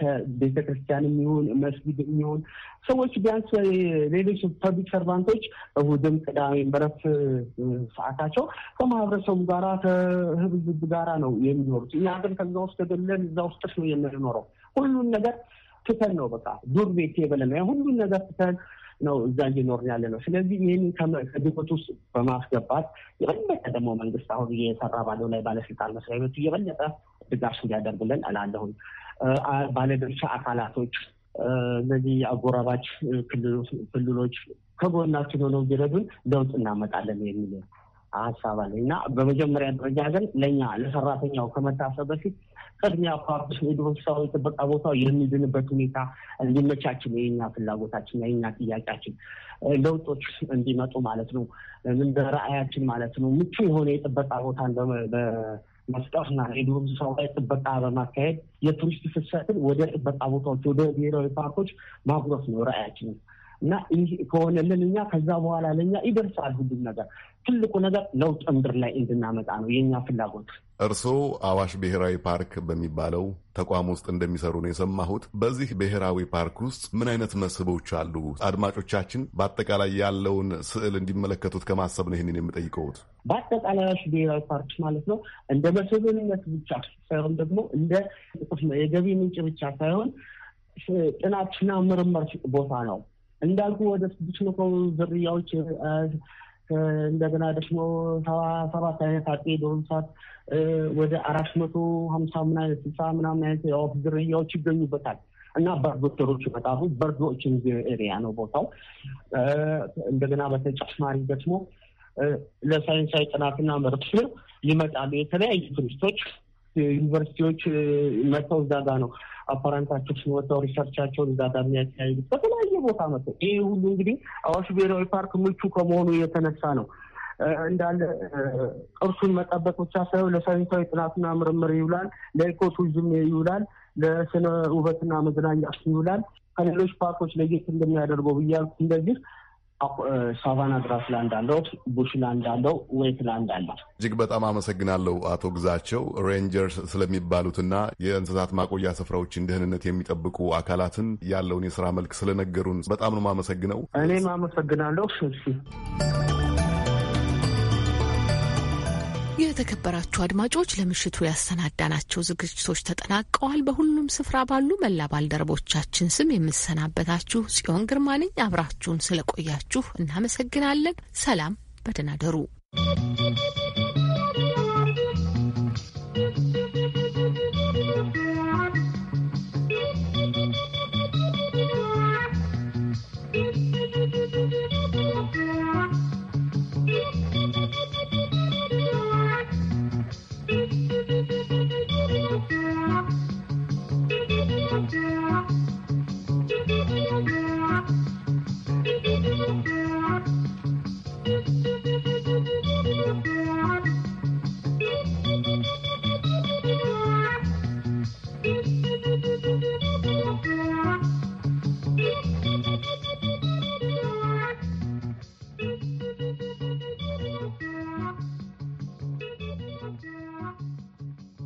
ከቤተ ክርስቲያን የሚሆን መስጊድ የሚሆን ሰዎች ቢያንስ ሌሎች ፐብሊክ ሰርቫንቶች እሁድም ቅዳሜም በረፍት ሰዓታቸው ከማህበረሰቡ ጋራ ከህብዝብ ጋራ ነው የሚኖሩት። እኛ ግን ከዛ ውስጥ ተገለን እዛ ውስጥ ነው የምንኖረው። ሁሉን ነገር ትተን ነው በቃ ዱር ቤት የበለና ሁሉን ነገር ትተን ነው እዛ እየኖርን ያለ ነው። ስለዚህ ይህን ከግምት ውስጥ በማስገባት የበለጠ ደግሞ መንግስት አሁን እየሰራ ባለው ላይ ባለስልጣን መስሪያ ቤቱ የበለጠ ድጋፍ እንዲያደርጉልን እላለሁኝ። ባለድርሻ አካላቶች እነዚህ አጎራባች ክልሎች ከጎናችን ሆነው ቢረዱን ለውጥ እናመጣለን የሚል ሀሳብ አለ እና በመጀመሪያ ደረጃ ግን ለእኛ ለሰራተኛው ከመታሰብ በፊት ቅድሚያ ፓርክ የዱር ሰው የጥበቃ ቦታው የሚድንበት ሁኔታ እንዲመቻችን የኛ ፍላጎታችን የኛ ጥያቄያችን ለውጦች እንዲመጡ ማለት ነው። እንደ ራዕያችን ማለት ነው ምቹ የሆነ የጥበቃ ቦታን መፍጠርና የዱር እንስሳው ላይ ጥበቃ በማካሄድ የቱሪስት ፍሰትን ወደ ጥበቃ ቦታዎች ወደ ብሔራዊ ፓርኮች ማጉረፍ ነው ራዕያችንን። እና ይህ ከሆነልን እኛ ከዛ በኋላ ለእኛ ይደርሳል ሁሉም ነገር። ትልቁ ነገር ለውጥ ምድር ላይ እንድናመጣ ነው የእኛ ፍላጎት። እርስዎ አዋሽ ብሔራዊ ፓርክ በሚባለው ተቋም ውስጥ እንደሚሰሩ ነው የሰማሁት። በዚህ ብሔራዊ ፓርክ ውስጥ ምን አይነት መስህቦች አሉ? አድማጮቻችን በአጠቃላይ ያለውን ስዕል እንዲመለከቱት ከማሰብ ነው ይህንን የምጠይቀውት። በአጠቃላይ አዋሽ ብሔራዊ ፓርክ ማለት ነው እንደ መስህብነት ብቻ ሳይሆን ደግሞ እንደ የገቢ ምንጭ ብቻ ሳይሆን ጥናትና ምርምር ቦታ ነው። እንዳልኩ ወደ ስድስት መቶ ዝርያዎች እንደገና ደግሞ ሰባት አይነት አጤ በአሁኑ ወደ አራት መቶ ሀምሳ ምን አይነት ስልሳ ምናምን አይነት የወፍ ዝርያዎች ይገኙበታል እና በርዶክተሮች ይመጣሉ። በርዶችን ኤሪያ ነው ቦታው። እንደገና በተጨማሪ ደግሞ ለሳይንሳዊ ጥናትና ምርምር ይመጣሉ የተለያዩ ቱሪስቶች ዩኒቨርሲቲዎች መጥተው እዛ ጋ ነው አፓራንታቸው ሲወጣው ሪሰርቻቸውን እዛ ጋ በተለያየ ቦታ መጥተው ይህ ሁሉ እንግዲህ አዋሽ ብሔራዊ ፓርክ ምቹ ከመሆኑ የተነሳ ነው። እንዳለ ቅርሱን መጠበቅ ብቻ ሳይሆን ለሳይንሳዊ ጥናትና ምርምር ይውላል፣ ለኢኮቱሪዝም ይውላል፣ ለስነ ውበትና መዝናኛ ይውላል። ከሌሎች ፓርኮች ለየት እንደሚያደርገው ብያልኩ እንደዚህ ሳቫና ግራስ ላንድ አለው፣ ቡሽ ላንድ አለው፣ ዌት ላንድ አለው። እጅግ በጣም አመሰግናለሁ አቶ ግዛቸው። ሬንጀርስ ስለሚባሉትና የእንስሳት ማቆያ ስፍራዎችን ደህንነት የሚጠብቁ አካላትን ያለውን የስራ መልክ ስለነገሩን በጣም ነው የማመሰግነው። እኔም አመሰግናለሁ። የተከበራችሁ አድማጮች ለምሽቱ ያሰናዳናቸው ዝግጅቶች ተጠናቀዋል። በሁሉም ስፍራ ባሉ መላ ባልደረቦቻችን ስም የምሰናበታችሁ ጽዮን ግርማ ነኝ። አብራችሁን ስለቆያችሁ እናመሰግናለን። ሰላም፣ በደህና ደሩ።